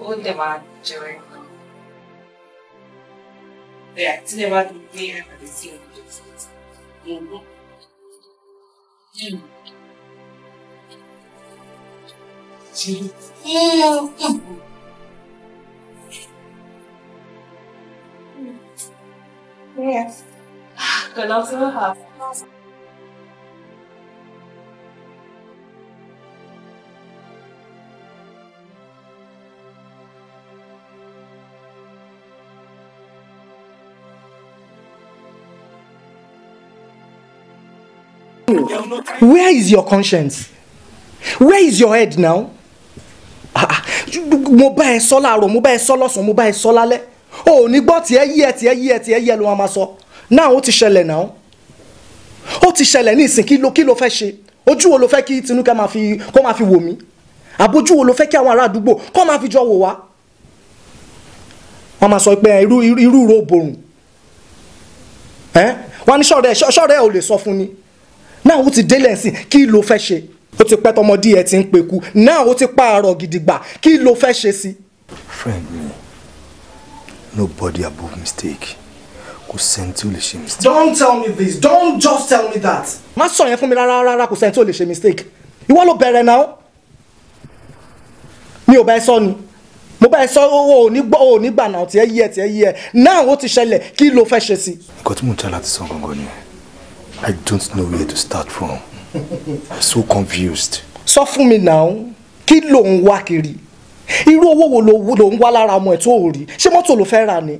Ó dẹ̀ máa jẹ ẹ́. Bẹ́ẹ̀ tí lè bá ti gbé ẹ̀rọ sí ọ̀dọ̀ sí ọ̀dọ̀. Mo gbọ́. Yes. Good Where is your conscience? Where is your head now? Ah, ah. Mo bá ẹ sọ láàárọ̀, mo bá ẹ sọ lọ́sàn-án, mo bá ẹ sọ lálẹ́ o ò ní gbọ́ tiẹ̀ yí ẹ tiẹ̀ yí ẹ tiẹ̀ yí ẹ ló máa sọ náà ó ti ṣẹlẹ̀ náà ó ti ṣẹlẹ̀ ní ìsìn kí ló kí ló fẹ́ ṣe ojú wo ló fẹ́ kí Tinúkẹ́ máa fi kó máa fi wò mí àbójú wo ló fẹ́ kí àwọn ará àdúgbò kó máa fi jọ wò wá wọ́n máa sọ pé irú irú ro borùn wọ́n ní ṣọ́ọ̀rẹ́ ṣọ́ọ̀rẹ́ ò lè sọ fún ni náà ó ti délẹ̀ sí kí ló fẹ́ ṣe ó ti pẹ́ tọmọdé ẹ̀ ti ń peku náà ó ti pààrọ̀ gidigba kí ló fẹ́ ṣe sí. friend mi nobody above mistake kò sẹ́ni tí ó lè ṣe mistake. don't tell me this don't just tell me that. má sọ yẹn fún mi rárá rárá kò sẹ́ni tí ó lè ṣe mistake ìwọ ló bẹ̀rẹ̀ náà mi ò bá ẹ sọ ni mo bá ẹ sọ o ò ní gbọ́ o ò ní gbà náà tiẹ̀ yí ẹ tiẹ̀ yí ẹ náà ó ti ṣẹlẹ̀ kí ló fẹ́ ṣe sí. nǹkan tí mo ń tẹ́ láti sọ gangan ni i don't know where to start from (laughs) i'm so confused. sọ fún mi náà kí ló ń wá kiri irú owó wo ló ń wá lára ọmọ ẹ̀ tó rí ṣé mọ́tò ló fẹ́ rà ni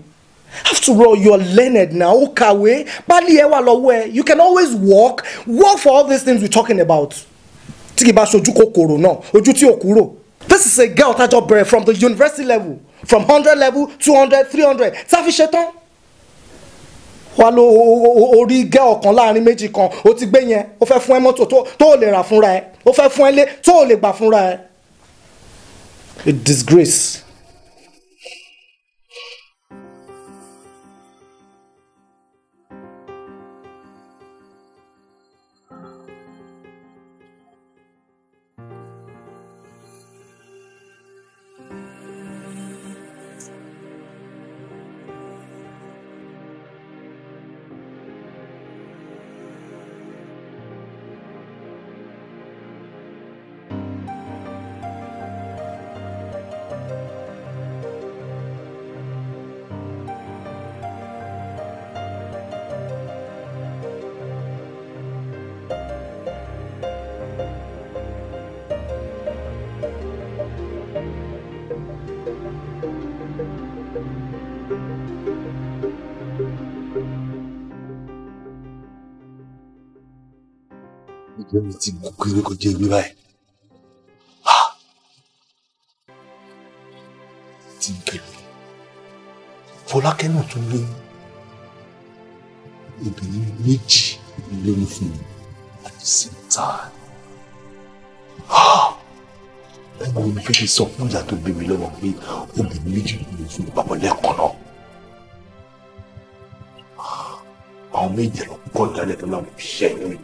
after all you are learned now ó kàwé pálí ẹ wà lọ́wọ́ ẹ you can always work work for all these things we talking about tí kì bá ṣojú kòkòrò náà ojú tí ò kúrò this is a girl tájọ bẹ̀rẹ̀ from the university level from hundred level two hundred three hundred tá a fi ṣe tán wà ló orí gẹ́ ọ̀kan láàrin méjì kan ó ti gbé yẹn ó fẹ́ fún ẹ mọ́tò tó ò lè rà fúnra ẹ ó fẹ́ fún ẹ lé tó ò lè gbà fúnra ẹ. a disgrace lórí ti gbogbo kọjá ibi báyìí. ti bẹ̀rẹ̀ fọlákẹ́ náà tún lóyún obìnrin méjì lóyún fún mi at the same time. ẹ̀gbọ́n mi fẹ́ẹ́ sọ fún ìyá tó bí mi lọ́wọ́ pé obìnrin méjì lóyún fún mi papọ̀ lẹ́ẹ̀kan náà. àwọn méjì lọ kọ́ ìdálẹ́tọ̀ láwọn iṣẹ́ yìí.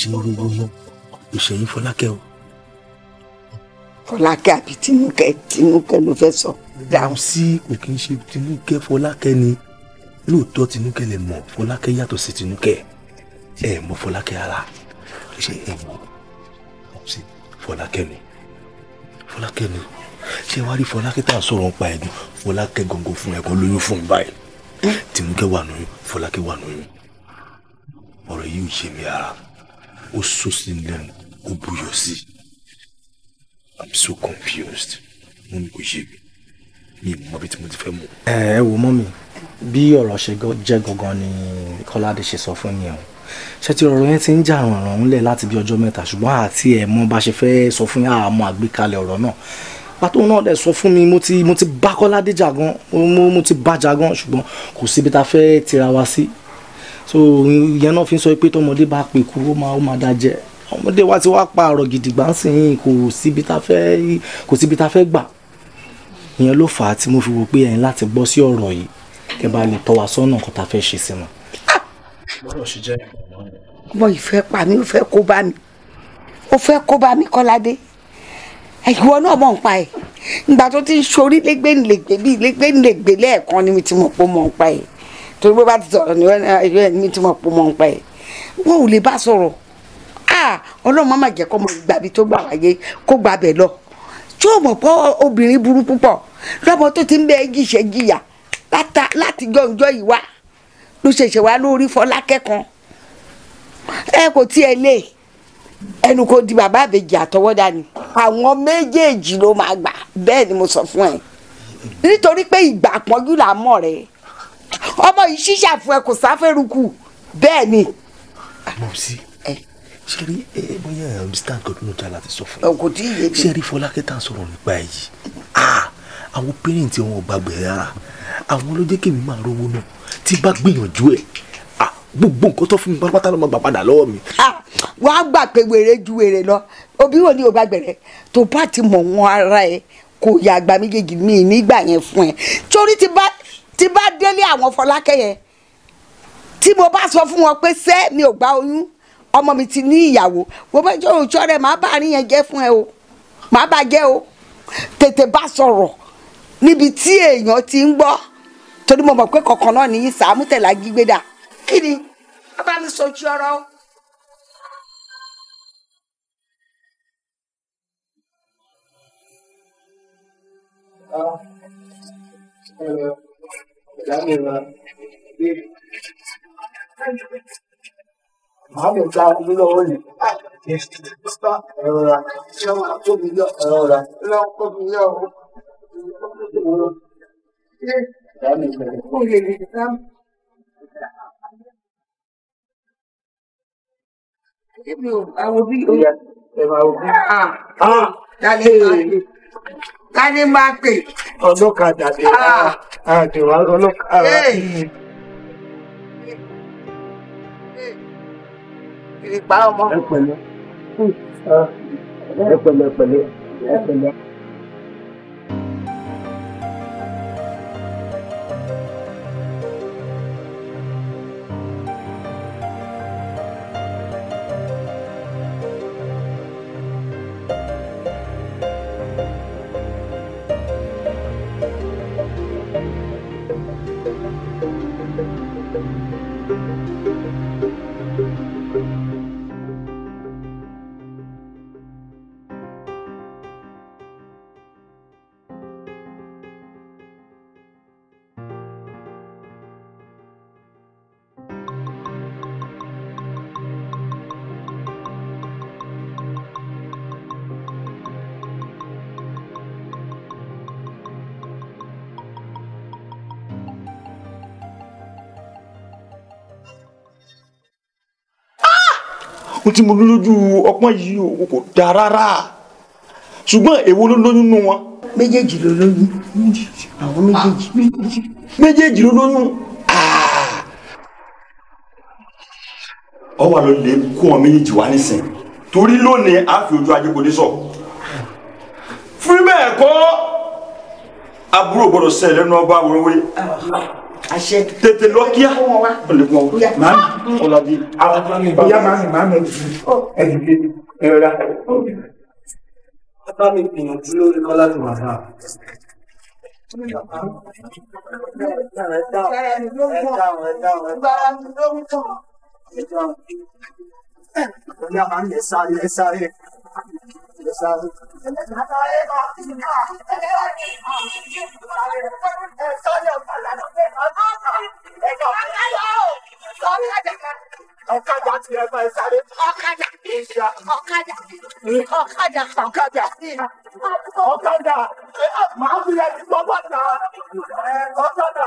ṣe rúgbó mọ́ ìṣẹ̀yìn fọlákẹ́ o. fọlákẹ́ àbí tinúkẹ́ tinúkẹ́ ló fẹ́ sọ. dáhùn sí kò kí n ṣe tinúkẹ́ fọlákẹ́ ni lóòótọ́ tinúkẹ́ lè mọ̀ fọlákẹ́ yàtọ̀ sí tinúkẹ́ ẹ mọ̀ fọlákẹ́ ara ṣe ẹ mọ̀ sí fọlákẹ́ ni fọlákẹ́ ni ṣé wàá rí fọlákẹ́ tá a sọ̀rọ̀ ń pa ẹ̀gún fọlákẹ́ gọ̀ǹgọ̀ fún ẹ̀gún lóyún fún báyìí tinúkẹ́ wà lóyún fọlákẹ́ wà lóyún ọ̀rọ̀ yìí ò ṣe mí ara ó sùn sí lẹ́nu ó buyọ̀ i'm so confused mo ní kò mi mi mọ ibi tí mo ti fẹ́ mọ̀. ẹ ẹ wo mọ́ mi bí ọ̀rọ̀ ni kọ́ládé ṣe sọ fún mi ọ̀hún ṣe ti ọ̀rọ̀ yẹn ti ń jà rànràn ńlẹ̀ láti bí ọjọ́ mẹ́ta ṣùgbọ́n àti ẹ̀ mọ bá ṣe fẹ́ sọ fún yà á mọ àgbékalẹ̀ ọ̀rọ̀ náà pàtó náà dẹ̀ sọ fún mi mo ti mo ti bá kọ́ládé jà gan mo mo ti bá jà gan kò síbi tá a fẹ́ sí so ìyẹn náà fi sọ pé tọmọdé bá pè kú ó máa ó máa dá jẹ ọmọdé wa ti wá pààrọ̀ gidigba ń sìn kò síbi tá fẹ́ kò síbi tá fẹ́ gbà ìyẹn ló fà á tí mo fi wò pé ẹ̀yin láti gbọ́ sí ọ̀rọ̀ yìí kẹ bá lè tọ́ wa sọ́nà nǹkan tá a ṣe sí wọn. ọmọ ìfẹ́ pa mi ó fẹ́ kó bá mi ó fẹ́ kó bá mi kọ́ládé ìwọ náà mọ̀ ń pa ẹ̀ ìgbà tó ti ń sorí lẹ́gbẹ̀ẹ́lẹ́gbẹ̀ bíi lẹ́gbẹ̀ẹ́lẹ́gbẹ̀ lẹ́ẹ̀kan ni mi ti mọ̀ pé mọ̀ ń pa ẹ̀ torí bó bá ti sọ̀rọ̀ ní ẹ̀yọ́ ah, ẹ̀mí tí mo pọ̀ mọ́ ń pa ẹ̀ wọ́n ò lè bá sọ̀rọ̀ ah, ọlọ́run má jẹ́ kọ́ mọ gbàbí tó gbà wáyé kó gbàbẹ̀ lọ tí ó mọ̀ pọ́ obìnrin burú púpọ̀ lọ́mọ tó ti ń bẹ jíṣẹ́ jìyà láti gbọ́njọ́ yìí wá ló ṣẹ̀ṣẹ̀ wá lórí fọlákẹ́ kan ẹ kò tiẹ̀ lè ẹnu kò di bàbá àbèjì àtọwọ́dá ni àwọn méjèèjì ló máa gbà bẹ́ẹ̀ ni mo sọ fún ẹ nítorí pé ìgbà pọ́njú là mọ̀ rẹ̀ ọmọ yìí ṣíṣà fún ẹ kò sáfẹ́rùkù bẹ́ẹ̀ ni. mọ̀ọ́sí ṣe rí bóyá ẹ understand kò tún jàlá ti sọ fún yín. kò tí ì yé mi. ṣe rí fọlákẹ́ tá a sọ̀rọ̀ nípa ẹ̀ yìí àwọn parent wọn ò gbàgbé rárá àwọn ló jẹ́ kí mi máa rówó náà tí bá gbìyànjú ẹ̀ gbogbo nǹkan tó fún mi pátápátá ló máa gbà padà lọ́wọ́ mi. wàá gbà pé wèrè ju wèrè lọ òbí wo ni o bá gbẹ̀rẹ̀ tó bá ti mọ̀ wọn ara ẹ̀ kò yà àgbà méjèèjì mi nígbà yẹn fún ẹ torí ti bá tí bá délé àwọn Fọlákẹ́ yẹn tí mo bá sọ fún wọn pé sẹ́ mi ò gba oyún ọmọ mi ti ní ìyàwó wọ́n bá jọ òòjọ́ rẹ̀ má bá àárín yẹn jẹ́ fún ẹ o má bá jẹ́ o tètè bá sọ̀rọ̀ níbi tí èèyàn ti ń gbọ́ torí mo mọ̀ pé kọ̀ọ̀kan náà nìyí Sàámú Tẹ̀lá kí ni wọ́n bá mi sojú ọ̀rọ̀ o. Uh, uh. Dámìíràn bí màámi ta lọ́wọ́ yìí. Sọ ẹ̀rọ ra ṣé wàá tóbi lọ ẹ̀rọ ra lọ́wọ́ tóbi lọ o. Dámìíràn kò lè lè dá. Èmi àwọn bí. Ẹ máa Dálé kání máa pè. ọlọ́kadà lè wá àdìwá ọlọ́kadà. ìpá ọmọ. ẹ pẹ̀lẹ́ ẹ pẹ̀lẹ́ pẹ̀lẹ́ ẹ pẹ̀lẹ́. tí mo lójú ọpọ́n yìí o kò da rárá ṣùgbọ́n èwo ló lóyún nù wọn. méjèèjì ló lóyún àwọn méjèèjì. Ah, méjèèjì ló lóyún. ọwọ́ ah. àlọ́ lè kó wọn méjèèjì wá nísìn torí lónìí a fi ojú ajé kò ní sọ. fún bẹ́ẹ̀ kọ́ àbúrò gbọ́dọ̀ sẹ́ẹ̀ lẹ́nu ọba wẹ́wẹ́ àṣẹ. tètè lọ kíá. o lè mọ maami ọlọdi àwọn maami bá. ìyá maami maami ẹdìgbé bàbá mi gbìyànjú lórí kọ́lá tó wà náà. Ìyá máa ń lè sáré, lè sáré, lè sáré ọ̀kadà máa fi ẹ̀ ti gbọ́ bàtà ọ̀kadà.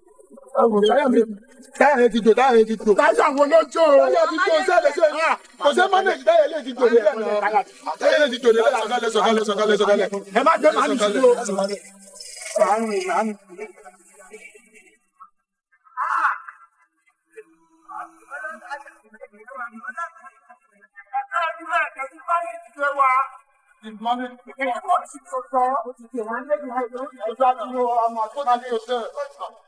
táyà mi táyà yẹn ti jò táyà yẹn ti jò. táyà wọn ló jò o. táyà ti jò sẹ́lẹ̀ sẹ́lẹ̀ ah, kò sẹ́ mọ́nẹ̀jì táyà yẹn ti jò nílẹ̀ náà. táyà yẹn ti jò nílẹ̀ sọ̀kalẹ̀ sọ̀kalẹ̀ sọ̀kalẹ̀ sọ̀kalẹ̀. ẹ má jẹ́ màá ní sùúrù o. àrùn ìlànà. Ìmọ̀lẹ́ ìpínlẹ̀ ọ̀sán.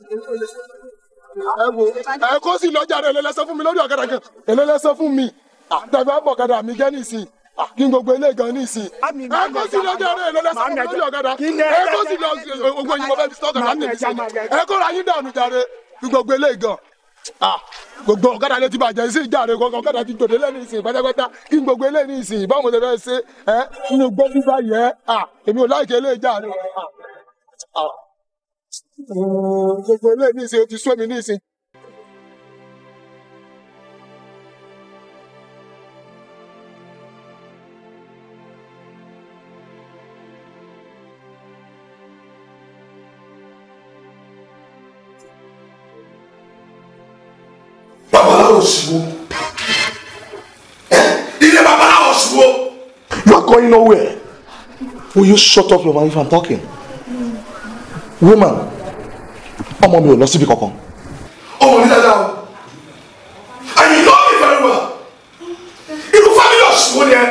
ẹ wo ẹ kó sì lọ́jà fún mi lórí ọ̀kadà kan ẹlẹ́lẹ́sẹ̀ fún mi àtẹ̀fẹ́ àpọ̀kadà mi gẹ́ nìsín kí n gbogbo ilé gan nísìn. sí lọ́jọ́ rẹ̀ fún mi lórí ọ̀kadà ẹ kó lọ ogun gbogbo gan gbogbo lè ti bàjẹ́ sí ti lẹ́nu ìsìn pátápátá kí gbogbo ní ìsìn báwo gbogbo ilé mi ṣe o ti sọ mi ní ìsìn. babaláwo ṣubú ilé babaláwo ṣubú. you are going nowhere will you shut up your mouth if i'm talking woman ọmọ mi ò lọ síbi kankan ọmọ mi dáadáa o and you know me very well irú family òṣìwò ni ẹ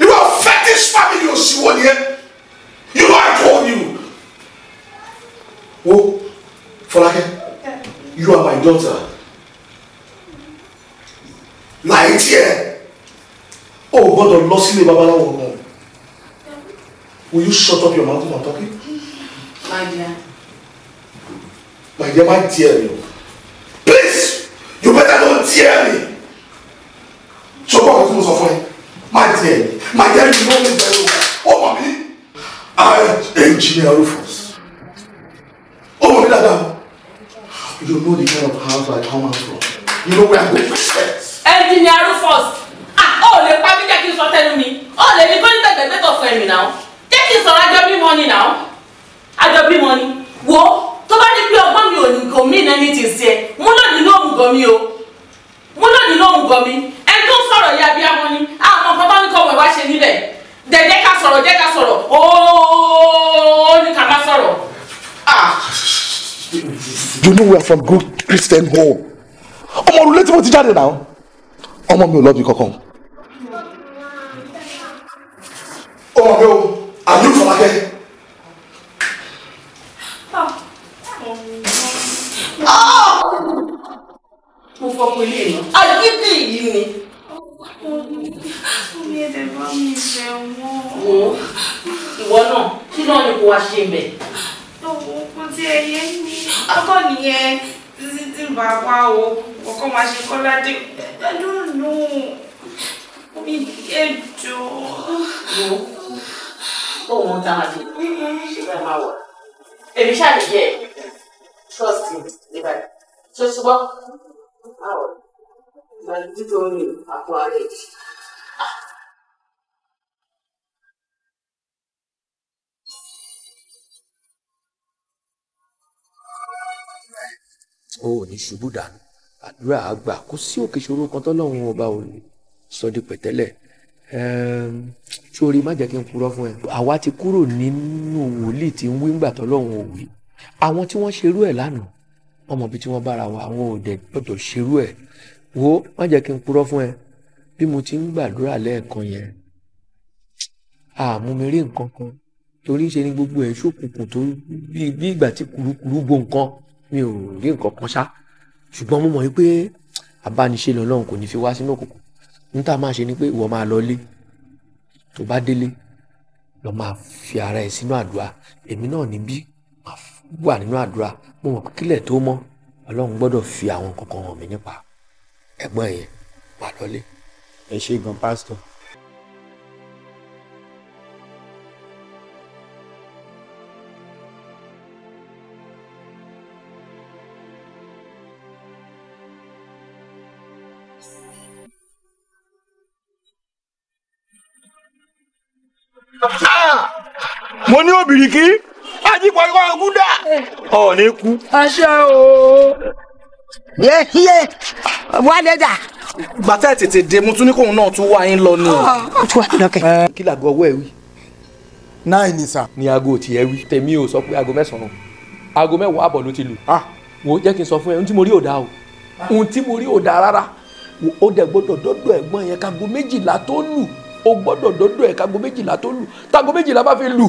irú fetish family òṣìwò ni ẹ you know I told you wo Fọlákẹ́ you are my daughter láì tiẹ̀ o gbọ́dọ̀ lọ sílé babaláwo náà will you shut up your mouth. ẹ̀jẹ̀ má tiẹ̀ mi o please you better don't tear me so bá ọkọ you mo sọ fún ẹ má tiẹ̀ má tiẹ̀ mi ló ń bẹ̀rẹ̀ o ọmọ mi i engineer Rufus ọmọ oh, mi dada you know the kind of house I come out from you know where I go first. engineer Rufus ah ó oh, lè pa mí jẹ́ kí n sọ tẹnu mi ó lè ní kọ́ńtà gbẹgbẹ́ tó fẹ́ mi náà jẹ́ kí n sọ̀rọ̀ àjọ bímọ ni náà àjọ bímọ ni wo kò mean anything sí ẹ mú lónìí ló ń gọ o mú lónìí ló ń gọ ẹ tó ń sọ̀rọ̀ bí amọ ni àwọn ọmọ bá ní kọ́ wẹ̀ ṣe nílẹ̀ dẹ̀dẹ̀ ká sọ̀rọ̀ dẹ̀ ká sọ̀rọ̀ ooo ní ká má sọ̀rọ̀. you know we are from good Christian home ọmọ òrùlé tí mo ti jáde náà ọmọ mi ò lọ́ọ́ bí kankan. ọmọ mi ò àlùfọ̀lákẹ́. mo fọ pé ilé yìí ni. omi ẹ̀dẹ̀ bá mi bẹ̀ wọ́n. wò ìwọ náà kí náà ni kò wá ṣe bẹ̀. lọ́wọ́ tí ẹ yé mi ọkọ nìyẹn títí tí bàbá o ọkọ máa ṣe kọ́ládé I don't know omi ẹ̀jọ̀. wò ó wọn tá a máa máa wọ̀ èmi ṣáà lè jẹ́ ẹ̀ trust him nígbà yìí ṣé ṣùgbọ́n àwọn ìgbàlódé tó ń rìn àpò ara ẹ̀ jì. o ò ní ṣubú dànù àdúrà àgbà kò sí òkè ṣòro kan tọ́lọ́run ọba ò sọ di pẹ̀tẹ́lẹ̀ sórí má jẹ́ kí n purọ́ fún ẹ àwa ti kúrò nínú wòlíì tí ń wí ńgbà tọ́lọ́run ò wí àwọn tí wọ́n ṣerú ẹ̀ lánàá ọmọ bíi tí wọ́n bára wa àwọn òde gbọ́dọ̀ ṣerú ẹ̀ wo má jẹ́ kí n purọ́ fún ẹ bí mo ti ń gbàdúrà lẹ́ẹ̀kan yẹn àmú mi rí nǹkan kan torí ṣe ni gbogbo ẹ̀ ṣókùnkùn tó bí bí ìgbà tí kùrukùru bo nǹkan mi ò rí nǹkan kan ṣá ṣùgbọ́n mo mọ̀ pé abániṣe lọ́lọ́run kò ní fi wá sínú òkùnkùn ní tá a máa ṣe ni pé ìwọ máa lọ lé tó bá délé lọ máa fi ara ẹ sínú àdúrà èmi náà níbí wà nínú àdúrà mo mọ̀ kílẹ̀ tó mọ́ ọlọ́run gbọ́dọ̀ fi àwọn kankan hàn mí nípa ẹ̀gbọ́n yẹn wà lọ́lé. ẹ ṣe gan pásítọ̀. Ah! mo ní òbìrìkì àdìpọ̀ ikọ̀ ogun dà. ọ̀ ní kú. àṣẹ o. yẹ yẹ wálé dà. gbàtà tètè dé mo tún ní kóun náà tún wá yín lọ ni. ó tún wà lọ́kẹ́. kí làgọ́ ọwọ́ ẹ wí. náà ni sà. ni aago tiẹ̀ wí. tèmi ò sọ pé aago mẹ́sàn-án aago mẹ́wàá àbọ̀ ló ti lù. Ah. wo jẹ́ kí n sọ fún ẹ ohun tí mo rí ò dáa o ohun tí mo rí ò dáa rárá ó dẹ̀ gbọ́dọ̀ dọ́dọ̀ ẹ̀gbọ́n yẹn kágo méjìlá tó lù ó gbọ́dọ̀ dọ́dọ̀ ẹ̀ kágo méjìlá tó lù tágo méjìlá bá fi lù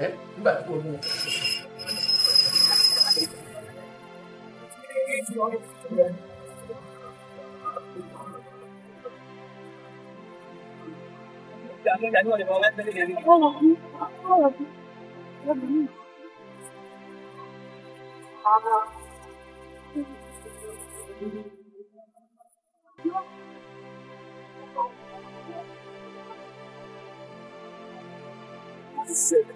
ẹ eh? nígbà tí o mú un. Thank you. Sick.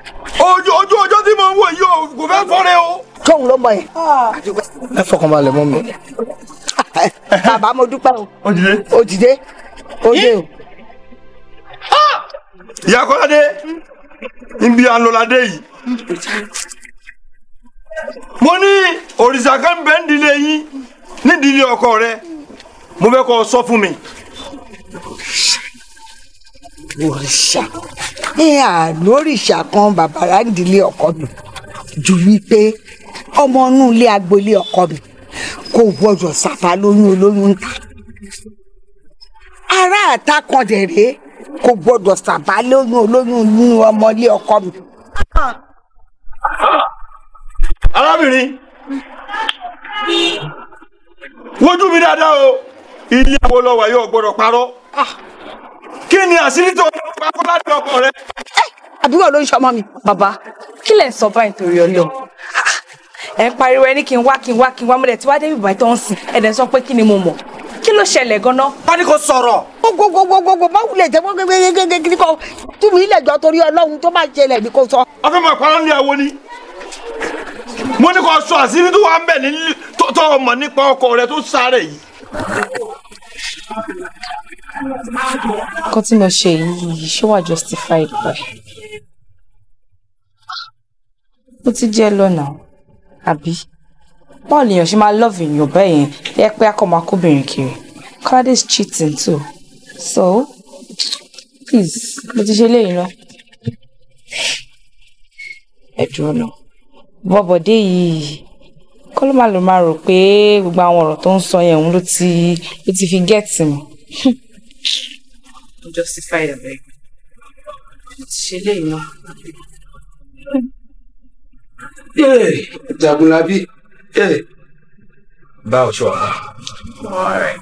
ojú ojú ọjọ́ tí mo ń wò yìí o kò fẹ́ fọ́rẹ́ o. tóun ló mọ yìí. Ah. ẹ fọkànbalẹ̀ mọ́ mi. (laughs) bàbá mo dúpẹ́ o. òjìdé. òjìdé òjìdé o. Ah! ìyá kọ́ládé níbi ànlọ́ládé yìí mo ní òrìṣà kan bẹ́ẹ̀ ń dilé yín nídìílé ọkọ rẹ mo fẹ́ kọ́ ọ sọ fún mi òrìṣà ẹ àánú òrìṣà kan bàbàrà ń dilé ọkọ mi ju wípé ọmọ inú ilé agboolé ọkọ mi kò gbọdọ̀ ṣàfà lóyún olóyún ń ta ará àta kan dẹ̀ rèé kò gbọdọ̀ ṣàfà lóyún olóyún nínú ọmọ ilé ọkọ mi. arábìnrin wojú mi dáadáa o ilé àwọn ọlọ́wà yóò gbọdọ̀ parọ́. Ah kí ni àṣírí tó pa kó láti ọkọ rẹ. àbúrò ló ń ṣọmọ mi bàbá kí lẹ ń sọ báyìí torí Ọlọ́run ẹ ń pariwo ẹ ní kí n wá kí n wá kí n wá mọlẹ tí wàá débi bàbá tó ń sìn ẹ dẹ̀ sọ pé kí ni mo mọ̀ kí ló ṣẹlẹ̀ gan-an. ní kò sọ̀rọ̀. gbogbogbogbogbò má wulẹ̀ jẹ́ gbogbogbogbogbò kí kò túbú ilẹ̀ jọ torí ọlọ́run tó máa ṣẹlẹ̀ ní kò sọ. ọfẹ máa pa ọ́n ní ni mo ní kò sọ àṣírí tó wà ń bẹ̀ ní tó ọmọ nípa ọkọ rẹ tó sáré yìí nǹkan tí mo ṣe yìí ṣó wà justified by ó ti jẹ́ lọ́nà àbí báwo lèèyàn ṣe máa love èèyàn bẹ́ẹ̀ yẹn ẹ pé akọ máa kóbìnrin kiri Kọ́ládé is cheating too so please mo ti ṣe léyìn lọ. ẹ dúró náà bọ́bọ̀dé yìí kọ́ ló máa lò máa rò pé gbogbo àwọn ọ̀rọ̀ tó ń sọ yẹn òun ló ti fi gẹ́ẹ̀tì mi. (laughs) I'm justified, I beg. Ṣé léyìn náà? Yẹ́ẹ̀, Jagunlabi, yẹ́ẹ̀. Bá ọ̀ṣọ́ wa. All right.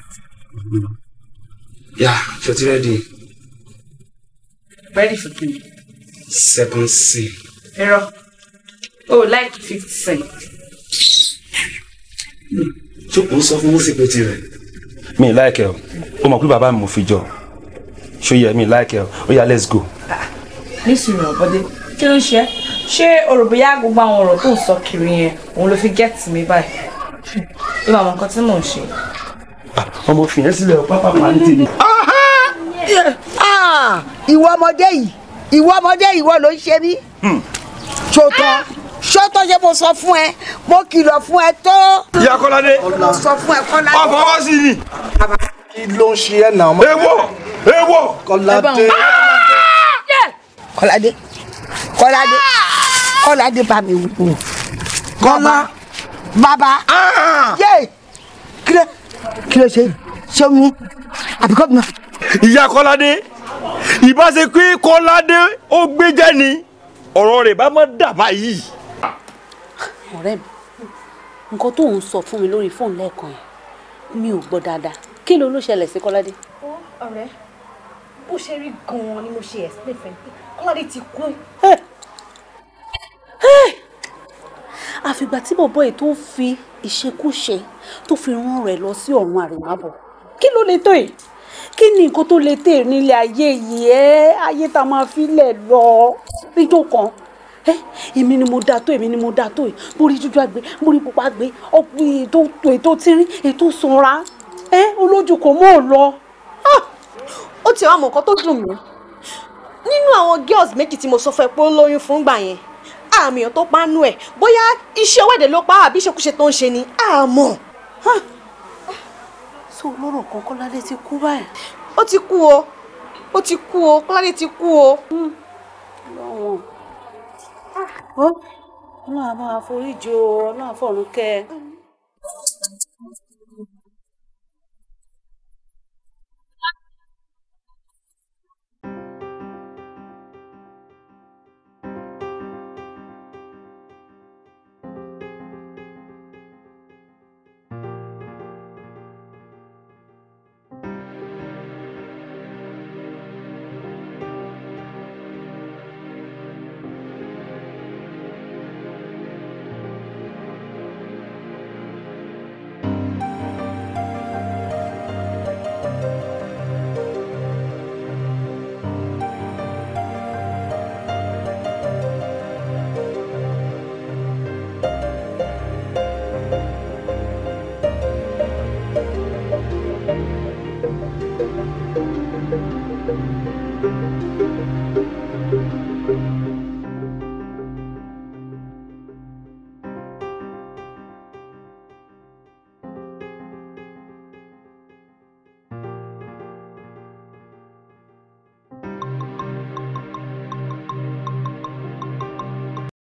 Yeah, ṣe ti ready. Ready for two. Seven C. Ẹ̀rọ. Oh, like fifty cent. Jókòó sọ fún Mósìkò tirẹ̀ mi láìkẹ́ o ó mọ̀ pé bàbá mi mo fi jọ ṣó yẹ mi láìkẹ́ o ó let's go. nísìnyí ọ̀bọ̀dé kí ló ń ṣe ṣé òròbóyá gbogbo àwọn ọ̀rọ̀ tó ń sọ kiri yẹn òun ló fi gẹ́ẹ̀tì mi báyìí bí màmá nǹkan tí mò ń ṣe. Ah, ọmọ fìyẹn sílẹ̀ o pápá máa ń tèmi. Ah! ìwọ ọmọdé yìí ìwọ ọmọdé yìí ìwọ ló ń ṣe mí. Hmm. tó tán. Ah! sọ́tọ̀ ṣe mo sọ fún ẹ mo kìlọ̀ fún ẹ tó. ìyá kọ́ládé mo sọ fún ẹ kọ́ládé. ọ̀fọ̀ wá sí ni. kí ló ń ṣe ẹ nà ọmọ. èwo èwo. kọ́ládé. Ah! kọ́ládé kọ́ládé ah! kọ́ládé bá mi wù. kọ́lá. bàbá. Ah! yé kílẹ̀ kílẹ̀ ṣe ṣé mi àbíkọ́ mi. ìyá kọ́ládé ìbá ṣe pé kọ́ládé ó gbé jẹ́ ni ọ̀rọ̀ rẹ̀ bá má dà báyìí ọ̀rẹ́ mi nǹkan tó ń sọ fún mi lórí fóònù lẹ́ẹ̀kan yẹn mi ò gbọ́ dáadáa kí ló ló ṣẹlẹ̀ sí kọ́ládé. ó ọ̀rẹ́ bó ṣe rí gan-an ni mo ṣe explain fẹ́ kọ́ládé ti kú. àfìgbà tí bọ̀bọ̀ yìí tó fi ìṣekúṣe tó fi rán rẹ̀ lọ sí ọ̀run àrèmábọ̀ kí ló lè tó yìí kí ni nǹkan tó lè tè nílé ayé yìí ẹ́ ayé tá a máa fi lẹ̀ lọ níjó kan ẹ èmi ni mo da tó èmi ni mo da tó borí dúdú àgbẹ̀ borí pupa àgbẹ̀ ọkùnrin ètò ètò tírín ètò sanra ẹ olójú kò mọ̀ ọ́ lọ. ó ti àwọn nǹkan tó dùn mí nínú àwọn girls méjì tí mo sọ fún ẹ pé ó lóyún fún gbà yẹn àmì ọ̀ tó pánú ẹ̀ bóyá iṣẹ́ owó ẹ̀dẹ̀ ló pa àbí ìṣekúṣe tó ń ṣe ni àmọ́. so lọ́rọ̀ kan kọ́ládé ti kú báyìí. ó ti kú o ó ti kú o kọ́ládé ti kú o. Hmm. lọ́wọ́n Ọlọ́run á máa foríjì o, Ọlọ́run